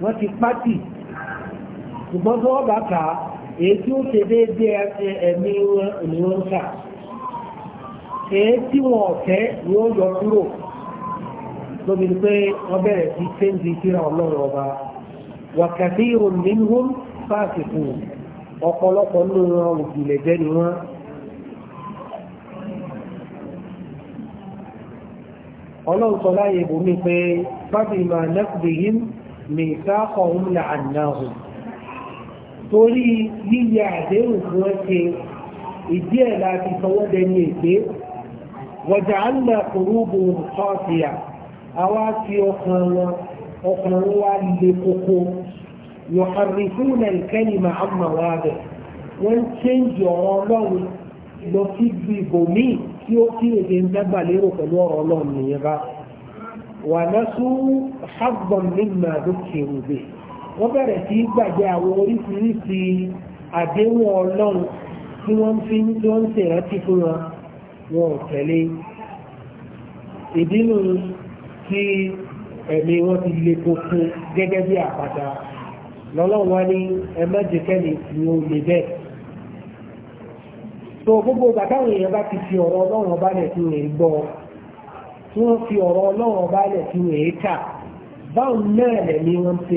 wọ́n ti pátì ṣùgbọ́n tó wọ́n bá kà á èyí tí ó ṣe déédéé ẹ̀mí wọn kà èyí tí wọn ọ̀fẹ́ ni ó yọ kúrò ọlọ́run sọ láyé bòmí pé bábí máa nẹ́kùdìyìn mìsáàkọ̀ọ́hún làánáhùn torí yíyẹ àdéhùn fún ẹ ṣe ìdí ẹ̀ láti sọwọ́dẹ ní èdè wọ̀jà àlùmọ̀ kòrúbù tọ́ọ̀tìyà àwa fi ọkàn wọn ọkàn lè koko yọ̀hàrìfún ẹ̀kẹ́ni máa ń mọ̀ wá wọ́n ń ṣéǹjì ọ̀rọ̀ ọlọ́run lọ sí ibi ibòmíì tí ó kí èdè ń dágbà lérò pẹ̀lú ọ̀rọ̀ ọlọ́run nìyẹn bá wà lọ́sù ṣàgbọ̀n nígbà lókè òbí wọ́n bẹ̀rẹ̀ sí gbàgbé àwọn oríṣiríṣi àdéhùn ọlọ́run tí wọ́n fi ń tí wọ́n ń ṣèrántí fún wọn wọn ò tẹ̀lé ìdínú tí ẹ̀mí wọn ti le koko gẹ́gẹ́ bí àpáta lọ́lọ́run wá ní ẹ̀mẹ́jẹ̀kẹ́ni ni ó le bẹ́ẹ̀. so gbogbo ìgbà táwọn èèyàn ti fi ọ̀rọ̀ ọlọ́run ọba lẹ̀ tí wọ́n gbọ́ tí fi ọ̀rọ̀ ọlọ́run ọba lẹ̀ tí wọ́n kà báwọn náà lẹ̀ ni wọ́n ṣe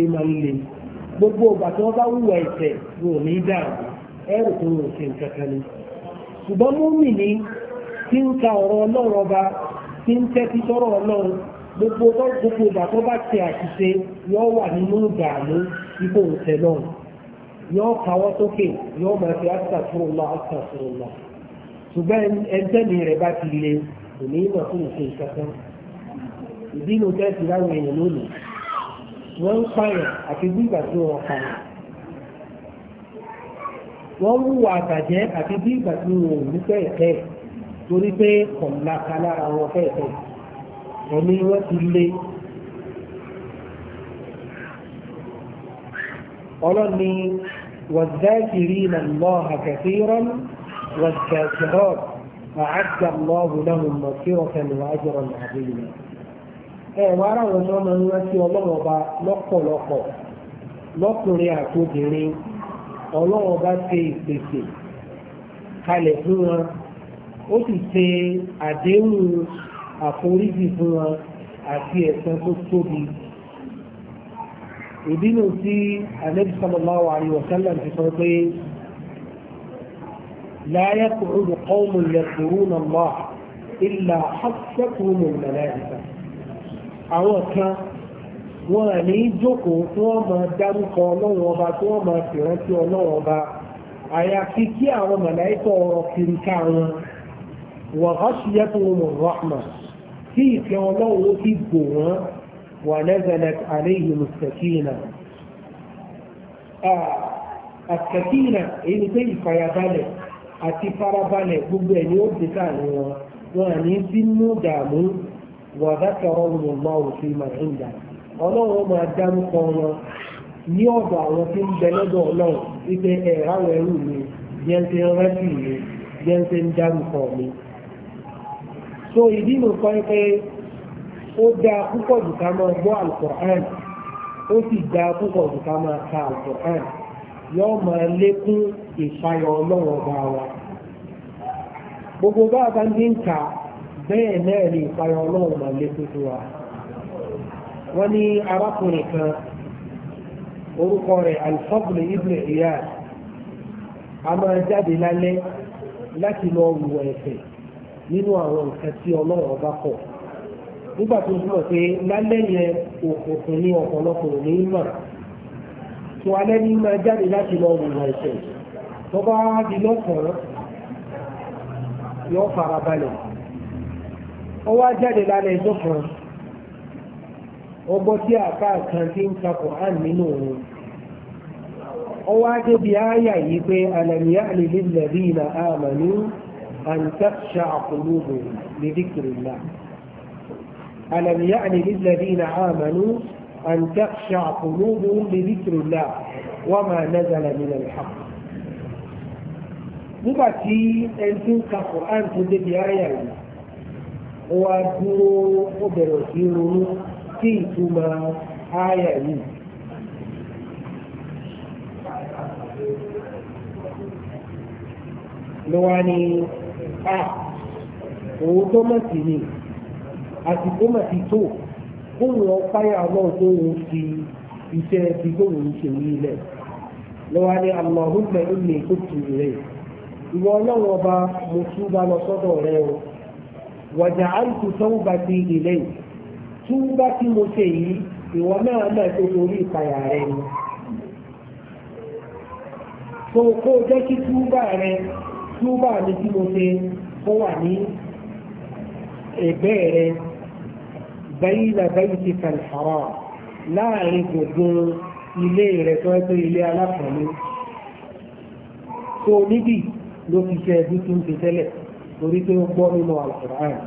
gbogbo ìgbà tí wọ́n bá wùwà ẹ̀ṣẹ̀ wọn ò ní ẹrù tó wọn ò ṣe nǹkan kan ni ṣùgbọ́n ni tí ń ọ̀rọ̀ ọlọ́run ọba tí ń tẹ́tí ọlọ́run gbogbo yóò kawọ́ sókè yóò máa fi astaghfirullah astaghfirullah ṣùgbọ́n ẹntẹ́ni rẹ̀ bá ti le kò ní ìmọ̀ fún ìṣe ìkankan ìdínú tẹ́sí láwọn èèyàn lónìí wọ́n ń pààyàn àti gbígbà tí wọ́n pààyàn wọ́n ń wà àbàjẹ́ àti gbígbà tí wọ́n ò ní fẹ́ẹ̀fẹ́ torí pé kọ̀ọ̀láka lára wọn fẹ́ẹ̀fẹ́ ẹ̀mí wọ́n ti le ọlọ́ni والذاكرين الله كثيرا والكافرات أعد الله لهم مغفرة وأجرا عظيما ẹ̀wọ̀ ara wọn tí wọ́n máa ń rántí ọlọ́run ọba lọ́pọ̀lọpọ̀ lọ́kùnrin àtòbìnrin ọlọ́run ọba ṣe ìpèsè kalẹ̀ fún wọn ó sì ṣe àdéhùn àforíjì fún wọn àti ẹ̀san tó tóbi ìbínú tí anabi sallallahu alayhi wa sallam ti sọ pé láyé kùrùdù kọ́ọ̀mù yẹ̀kùrùnà lọ́à ìlà hàṣẹ́kùrùnà màláíkà àwọn kan wọn à ní jókòó tí wọ́n máa dárúkọ ọlọ́run ọba tí wọ́n máa fìrántí ọlọ́run ọba àyàfi kí àwọn màláíkà ọ̀rọ̀ kiri ká wọn wà hàṣẹ́kùrùnà rahma tí ìfẹ́ ọlọ́run ó ti gbò wọ́n ونزلت عليهم السكينة آه السكينة إن كي فيبالي أتي فربالي ببين يبتان وأني سنو دامو وذكرهم الله فيما عنده ọlọ́run máa dárúkọ wọn ní ọ̀dọ̀ àwọn tí ń bẹ lọ́dọ̀ ọlọ́run wípé ẹ̀rá ẹrú mi jẹ́ ń ṣe rẹ́sì mi jẹ́ ń ṣe ń dárúkọ mi. so ìdí nìkan pé ó dáa púpọ̀ jù ká máa gbọ́ alukur'an ó sì dáa púpọ̀ jù ká máa ka alukur'an yóò máa lékún ìfayọ ọba wa gbogbo bá a bá ń dín ká bẹ́ẹ̀ náà ni ìfayọ ọlọ́run máa lékún fún wa wọ́n ní arákùnrin kan orúkọ rẹ̀ alifọ́bùnì ìyá a máa jáde lálẹ́ láti lọ ẹ̀fẹ̀ nínú àwọn nǹkan tí ọba kọ̀. nígbà tó ń sọ pé lálẹ́ yẹn òkùnkùn ní ọ̀pọ̀lọpọ̀ ní mọ̀ tó alẹ́ ní máa jáde láti lọ wùwà ẹ̀ṣẹ̀ tó bá di lọ́sàn-án yóò fara balẹ̀ ó wá jáde lálẹ́ ẹjọ́ kan ó gbọ́ sí àká kan tí ń ka Qur'an nínú òun ó wá débi ááyà yìí pé alam ya'ni lil ladina amanu an takhsha'a qulubuhum li dhikrillah. ألم يعني للذين آمنوا أن تخشع قلوبهم لذكر الله وما نزل من الحق nígbà tí ẹni tí ń ka Quran tó débi ayà yìí ó wá dúró ó bẹ̀rẹ̀ sí ronú sí ìtumọ̀ ayà yìí. ló wá ní a òun mọ̀ sí ni. àsìkò mà ti tó náà tó ń fi iṣẹ́ ti ṣe ní lọ́wọ́ ni ìwọ ọlọ́run ọba mo lọ sọ́dọ̀ rẹ o wàjà ti tí mo ṣe yìí ìwọ náà tó torí ìpayà rẹ ni kó jẹ́ kí túbà rẹ túbà mi tí mo ṣe ní rẹ bayna baytika al-haram láàrin gbogbo ilé rẹ̀ tó ẹ́ tó ilé aláfọ̀lú tó níbi ló fi ṣe ẹbí tó ń ṣe tẹ́lẹ̀ torí pé ó gbọ́ nínú al-Qur'an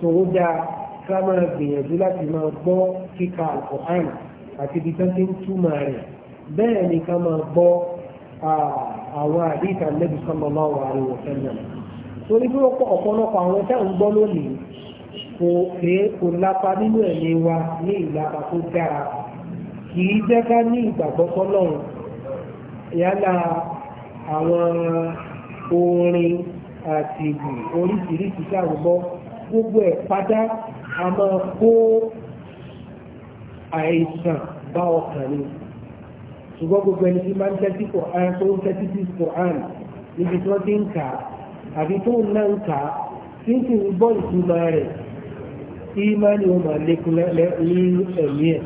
tó ó dáa ká máa gbìyànjú láti máa gbọ́ kíka al-Qur'an àti ibi tó ti ń túmọ̀ rẹ̀ bẹ́ẹ̀ ni ká máa gbọ́ àwọn àdìsí Ànábì sallallahu alaihi wa sallam torí pé ọ̀pọ̀lọpọ̀ àwọn tá à ń gbọ́ lónìí kò pé kò lápa nínú ẹ̀mí wa ní ìlànà tó dára kì í jẹ́ ká ní ìgbàgbọ́ sọ́lọ́run yálà àwọn orin àti ìlú oríṣiríṣi ṣàrùbọ́ gbogbo ẹ̀ padà a máa kó àìsàn bá ọkàn ni ṣùgbọ́n gbogbo ẹni tí máa ń tẹ́tí Kùránì tó ń tẹ́tí sí Kùránì níbi tí wọ́n ti ń kà àbí tó ń náà ń kà tí ń sì ń gbọ́ ìtumọ̀ rẹ̀ ìmánì wọn máa lékún ní ẹ̀mí ẹ̀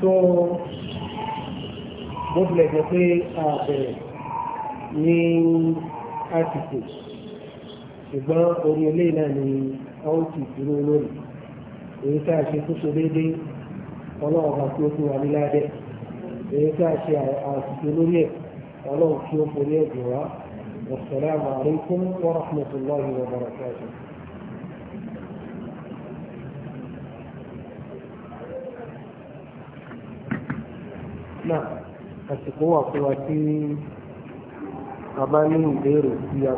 tó bó tilẹ̀ jẹ́ pé àbẹ̀rẹ̀ ní àtìkù ṣùgbọ́n orí ilé náà ni a ó ti dúró lónìí èyí tá a ṣe tó ṣe déédéé ọlọ́run bá kí ó fún wa ní ládẹ́ èyí tá a ṣe àṣìṣe lórí ẹ̀ ọlọ́run ó forí ẹ̀ dùn wá wassalamu alaikum wa rahmatullahi wa náà àsìkò wà fún wa tí a bá ní ìbéèrè sí a